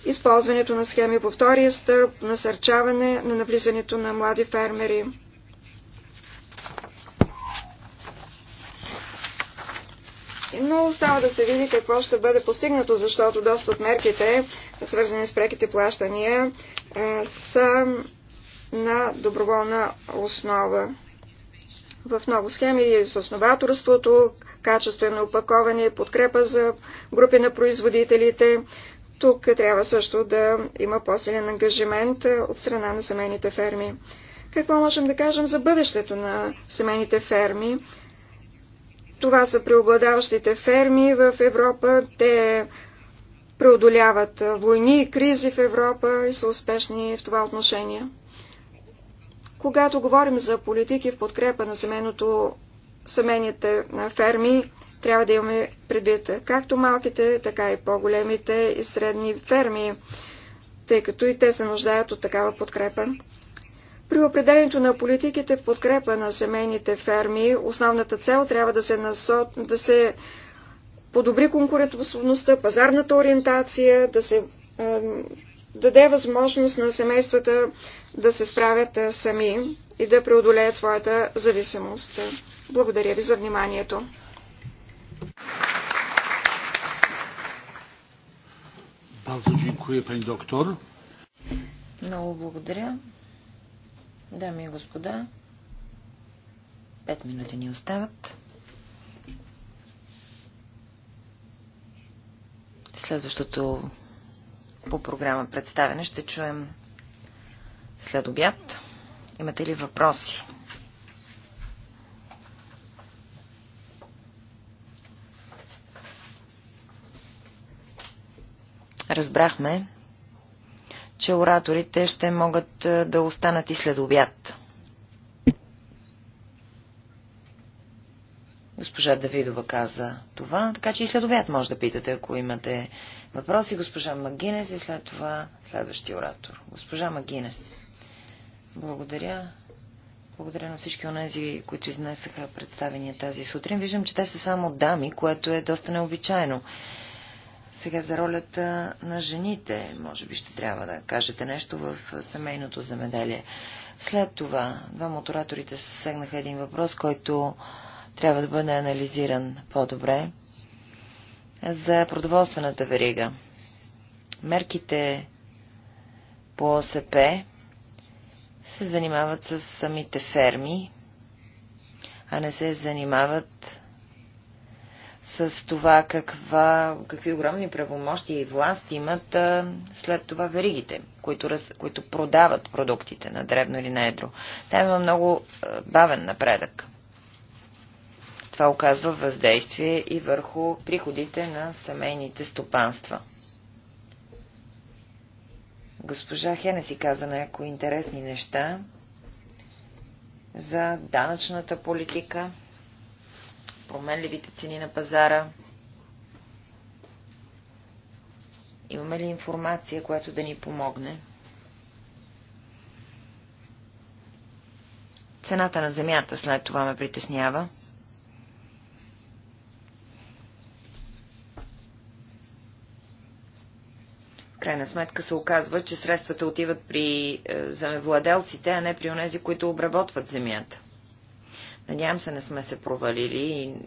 Speaker 2: използването на схеми по втория стълб, насърчаване на навлизането на млади фермери. но остава да се види какво ще бъде постигнато, защото доста от мерките, свързани с преките плащания, е, са на доброволна основа. В много схеми с новаторството, качествено опаковане подкрепа за групи на производителите. Тук трябва също да има по-силен ангажимент е, от страна на семейните ферми. Какво можем да кажем за бъдещето на семейните ферми? Това са преобладаващите ферми в Европа. Те преодоляват войни и кризи в Европа и са успешни в това отношение. Когато говорим за политики в подкрепа на семейното семейните ферми трябва да имаме предвид както малките, така и по-големите и средни ферми, тъй като и те се нуждаят от такава подкрепа. При определенето на политиките в подкрепа на семейните ферми, основната цел трябва да се, насо... да се подобри конкурентоспособността, пазарната ориентация, да се даде възможност на семействата да се справят сами и да преодолеят своята зависимост. Благодаря ви за вниманието.
Speaker 3: Много благодаря. Дами и господа, пет минути ни остават. Следващото по програма представене ще чуем след обяд. Имате ли въпроси? Разбрахме, че ораторите ще могат е, да останат и след обяд. Госпожа Давидова каза това, така че и след обяд може да питате, ако имате въпроси. Госпожа Магинес и след това следващия оратор. Госпожа Магинес. Благодаря. Благодаря на всички онези, които изнесаха представения тази сутрин. Виждам, че те са само дами, което е доста необичайно. Сега за ролята на жените, може би ще трябва да кажете нещо в семейното замеделие. След това, два мотораторите съсегнаха един въпрос, който трябва да бъде анализиран по-добре за продоволствената верига. Мерките по ОСП се занимават с самите ферми, а не се занимават с това каква, какви огромни правомощи и власт имат а, след това веригите, които, раз, които продават продуктите на дребно или на едро. Там има много а, бавен напредък. Това оказва въздействие и върху приходите на семейните стопанства. Госпожа Хене си каза някои интересни неща за данъчната политика – променливите цени на пазара? Имаме ли информация, която да ни помогне? Цената на земята след това ме притеснява. В крайна сметка се оказва, че средствата отиват при е, земевладелците, а не при онези, които обработват земята. Надявам се, не сме се провалили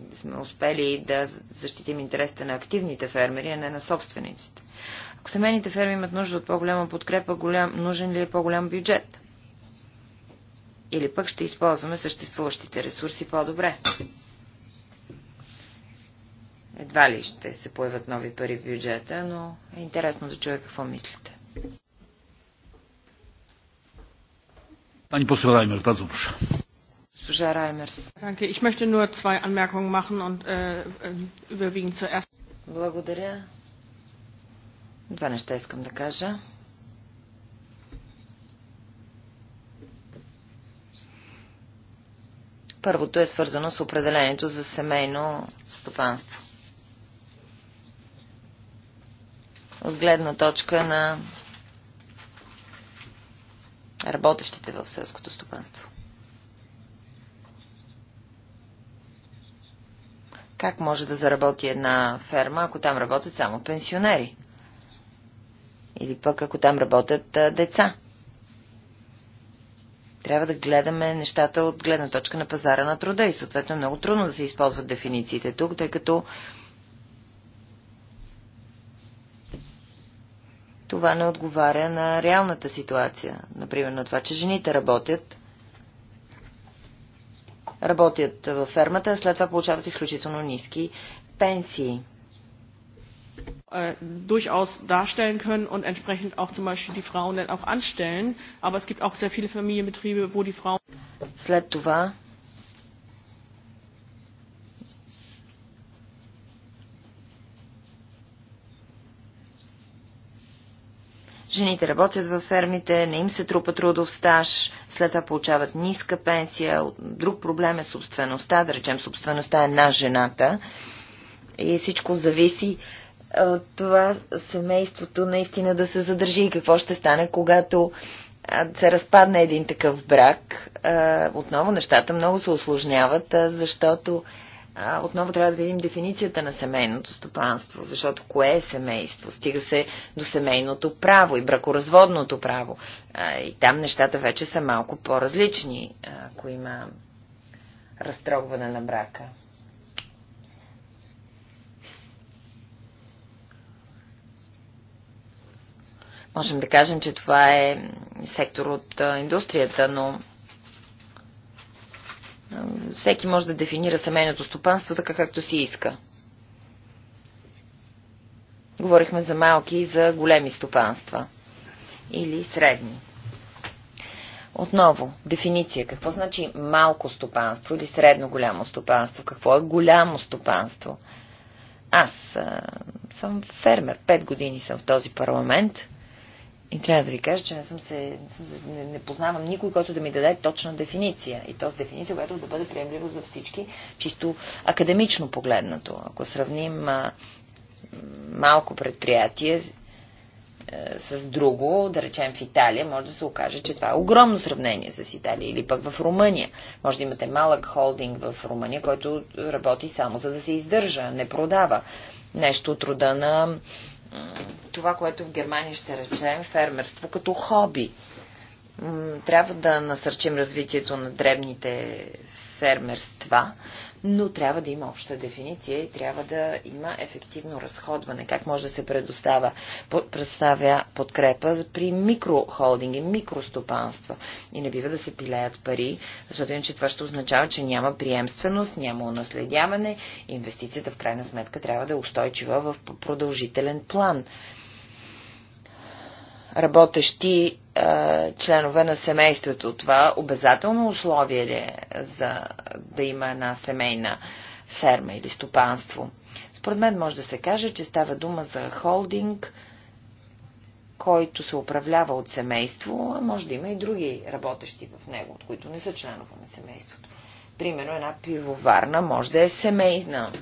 Speaker 3: и сме успели да защитим интересите на активните фермери, а не на собствениците. Ако семейните ферми имат нужда от по-голяма подкрепа, голям, нужен ли е по-голям бюджет? Или пък ще използваме съществуващите ресурси по-добре? Едва ли ще се появят нови пари в бюджета, но е интересно да чуя какво мислите.
Speaker 1: Пани poseł Reimer, bardzo
Speaker 3: Äh, äh, Благодаря. Два неща искам да кажа. Първото е свързано с определението за семейно стопанство. От гледна точка на работещите в селското стопанство. Как може да заработи една ферма, ако там работят само пенсионери? Или пък ако там работят а, деца? Трябва да гледаме нещата от гледна точка на пазара на труда и съответно е много трудно да се използват дефинициите тук, тъй като това не отговаря на реалната ситуация. Например, на това, че жените работят работят във фермата, а след това получават изключително ниски пенсии. durchaus darstellen können und entsprechend auch zum
Speaker 4: Beispiel die Frauen dann auch anstellen. Aber es gibt auch sehr viele Familienbetriebe, wo die Frauen.
Speaker 3: Жените работят във фермите, не им се трупа трудов стаж, след това получават ниска пенсия. Друг проблем е собствеността, да речем собствеността е на жената. И всичко зависи от това семейството наистина да се задържи и какво ще стане, когато се разпадне един такъв брак. Отново нещата много се осложняват, защото отново трябва да видим дефиницията на семейното стопанство, защото кое е семейство? Стига се до семейното право и бракоразводното право. И там нещата вече са малко по-различни, ако има разтрогване на брака. Можем да кажем, че това е сектор от индустрията, но всеки може да дефинира семейното стопанство така както си иска. Говорихме за малки и за големи стопанства. Или средни. Отново, дефиниция. Какво значи малко стопанство или средно голямо стопанство? Какво е голямо стопанство? Аз а, съм фермер. Пет години съм в този парламент – и трябва да ви кажа, че не, съм се, не, съм се, не, не познавам никой, който да ми даде точна дефиниция. И то с дефиниция, която да бъде приемлива за всички, чисто академично погледнато. Ако сравним а, малко предприятие а, е, с друго, да речем в Италия, може да се окаже, че това е огромно сравнение с Италия или пък в Румъния. Може да имате малък холдинг в Румъния, който работи само за да се издържа, не продава. Нещо от рода на това, което в Германия ще речем фермерство като хоби. Трябва да насърчим развитието на дребните фермерства, но трябва да има обща дефиниция и трябва да има ефективно разходване. Как може да се предоставя, представя подкрепа при микрохолдинги, микростопанства. И не бива да се пилеят пари, защото иначе това ще означава, че няма приемственост, няма унаследяване. Инвестицията в крайна сметка трябва да е устойчива в продължителен план работещи а, членове на семейството. Това обязателно условие ли е за да има една семейна ферма или стопанство? Според мен може да се каже, че става дума за холдинг, който се управлява от семейство, а може да има и други работещи в него, от които не са членове на семейството. Примерно една пивоварна може да е семейна.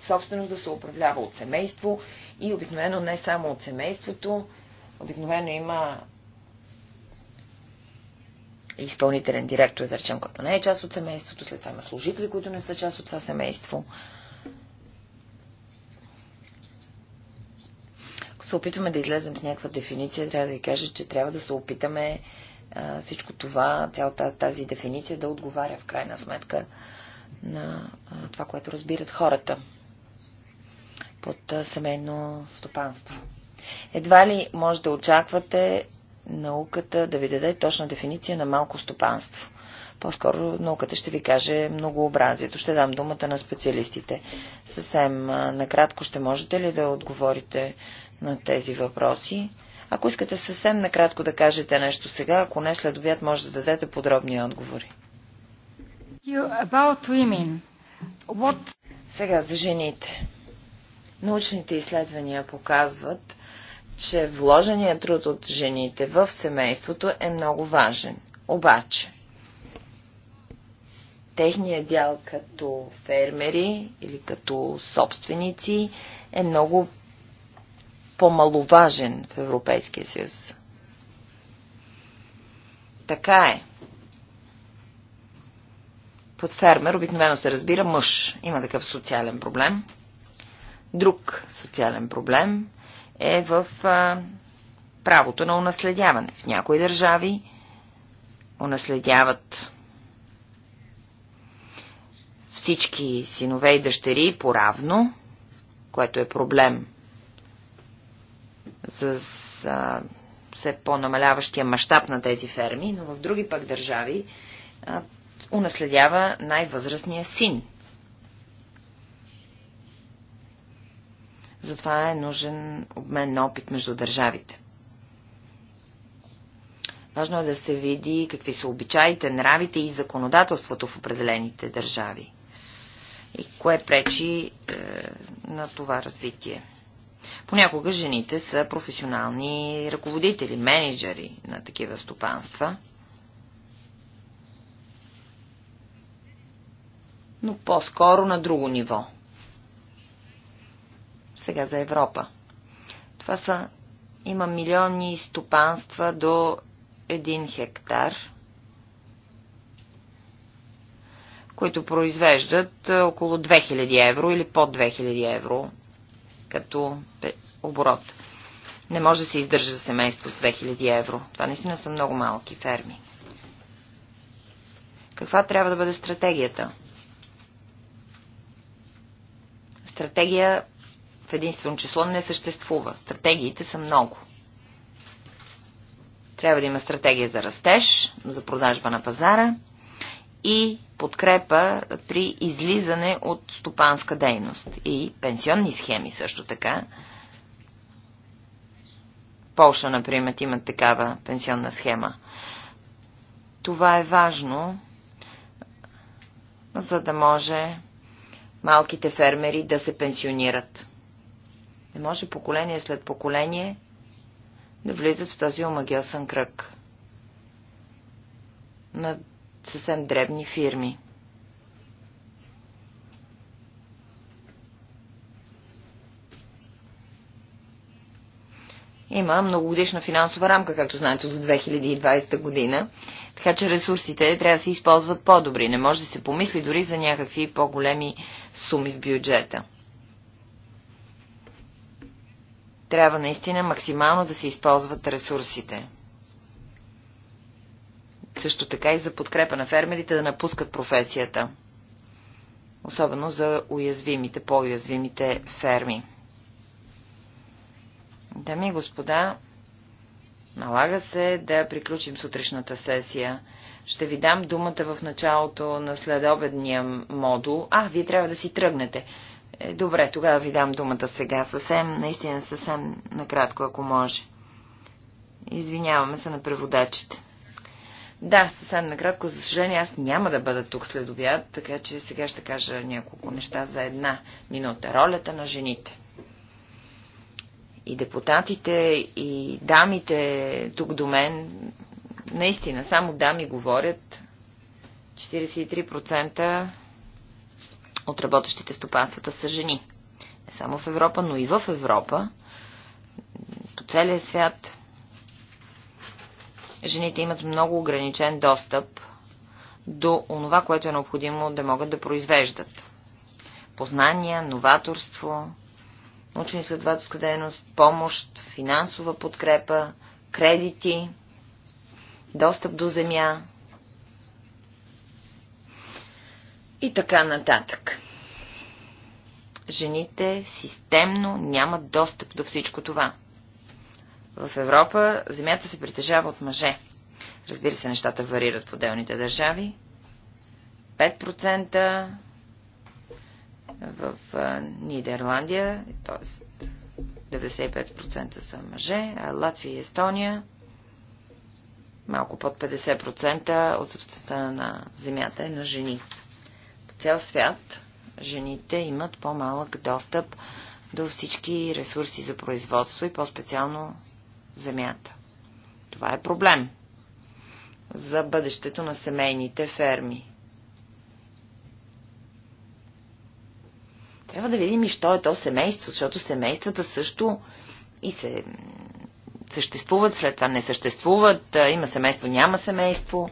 Speaker 3: Собственост да се управлява от семейство и обикновено не само от семейството, Обикновено има изпълнителен директор, да речем, който не е част от семейството, след това има служители, които не са част от това семейство. Ако се опитваме да излезем с някаква дефиниция, трябва да ви кажа, че трябва да се опитаме а, всичко това, цялата тази дефиниция да отговаря в крайна сметка на а, това, което разбират хората под а, семейно стопанство. Едва ли може да очаквате науката да ви даде точна дефиниция на малко стопанство. По-скоро науката ще ви каже многообразието. Ще дам думата на специалистите. Съвсем накратко ще можете ли да отговорите на тези въпроси? Ако искате съвсем накратко да кажете нещо сега, ако не след обяд, може да дадете подробни отговори. What... Сега за жените. Научните изследвания показват, че вложеният труд от жените в семейството е много важен. Обаче, техният дял като фермери или като собственици е много по-маловажен в Европейския съюз. Така е. Под фермер обикновено се разбира мъж. Има такъв социален проблем. Друг социален проблем е в а, правото на унаследяване. В някои държави унаследяват всички синове и дъщери поравно, което е проблем с а, все по-намаляващия мащаб на тези ферми, но в други пък държави а, унаследява най-възрастния син – Затова е нужен обмен на опит между държавите. Важно е да се види какви са обичаите, нравите и законодателството в определените държави. И кое пречи е, на това развитие. Понякога жените са професионални ръководители, менеджери на такива стопанства. Но по-скоро на друго ниво – сега за Европа. Това са... Има милиони стопанства до 1 хектар, които произвеждат е, около 2000 евро или под 2000 евро като оборот. Не може да се издържа за семейство с 2000 евро. Това наистина са много малки ферми. Каква трябва да бъде стратегията? Стратегия в единствено число не съществува. Стратегиите са много. Трябва да има стратегия за растеж, за продажба на пазара и подкрепа при излизане от стопанска дейност и пенсионни схеми също така. Полша, например, имат такава пенсионна схема. Това е важно, за да може малките фермери да се пенсионират. Не може поколение след поколение да влизат в този омагиосен кръг на съвсем дребни фирми. Има многогодишна финансова рамка, както знаете, за 2020 година, така че ресурсите трябва да се използват по-добри. Не може да се помисли дори за някакви по-големи суми в бюджета. Трябва наистина максимално да се използват ресурсите. Също така и за подкрепа на фермерите да напускат професията. Особено за уязвимите, по-уязвимите ферми. Дами и господа, налага се да приключим сутрешната сесия. Ще ви дам думата в началото на следобедния модул. А, вие трябва да си тръгнете. Е, добре, тогава ви дам думата сега. Съвсем, наистина съвсем накратко, ако може. Извиняваме се на преводачите. Да, съвсем накратко, за съжаление, аз няма да бъда тук след обяд, така че сега ще кажа няколко неща за една минута. Ролята на жените. И депутатите, и дамите тук до мен, наистина, само дами говорят. 43% от работещите стопанствата са жени. Не само в Европа, но и в Европа, по целия свят, жените имат много ограничен достъп до онова, което е необходимо да могат да произвеждат. Познания, новаторство, научно-изследователска дейност, помощ, финансова подкрепа, кредити, достъп до земя, и така нататък. Жените системно нямат достъп до всичко това. В Европа земята се притежава от мъже. Разбира се, нещата варират в отделните държави. 5% в Нидерландия, т.е. 95% са мъже, а Латвия и Естония малко под 50% от собствеността на земята е на жени цял свят жените имат по-малък достъп до всички ресурси за производство и по-специално земята. Това е проблем за бъдещето на семейните ферми. Трябва да видим и що е то семейство, защото семействата също и се съществуват, след това не съществуват, има семейство, няма семейство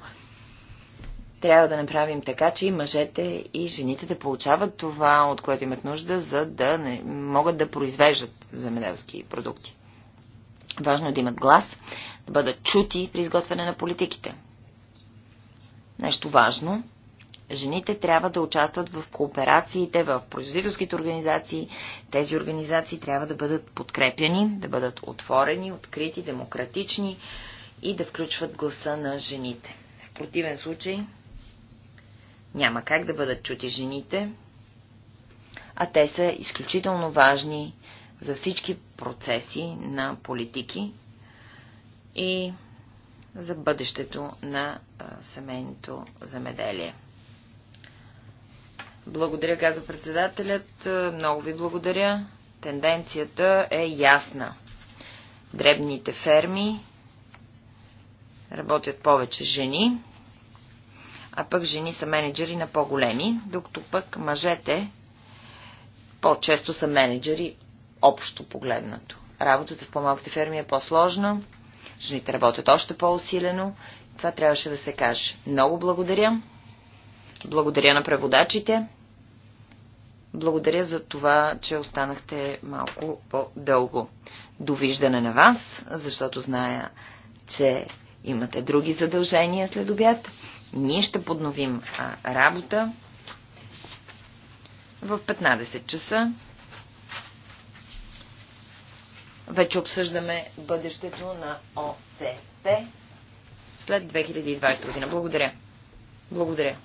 Speaker 3: трябва да направим така, че и мъжете и жените да получават това, от което имат нужда, за да не, могат да произвеждат земеделски продукти. Важно е да имат глас, да бъдат чути при изготвяне на политиките. Нещо важно. Жените трябва да участват в кооперациите, в производителските организации. Тези организации трябва да бъдат подкрепяни, да бъдат отворени, открити, демократични и да включват гласа на жените. В противен случай няма как да бъдат чути жените, а те са изключително важни за всички процеси на политики и за бъдещето на семейното замеделие. Благодаря, каза председателят. Много ви благодаря. Тенденцията е ясна. Дребните ферми работят повече жени, а пък жени са менеджери на по-големи, докато пък мъжете по-често са менеджери общо погледнато. Работата в по-малките ферми е по-сложна, жените работят още по-усилено. Това трябваше да се каже. Много благодаря. Благодаря на преводачите. Благодаря за това, че останахте малко по-дълго. Довиждане на вас, защото зная, че имате други задължения след обяд. Ние ще подновим а, работа в 15 часа. Вече обсъждаме бъдещето на ОСП след 2020 година. Благодаря. Благодаря.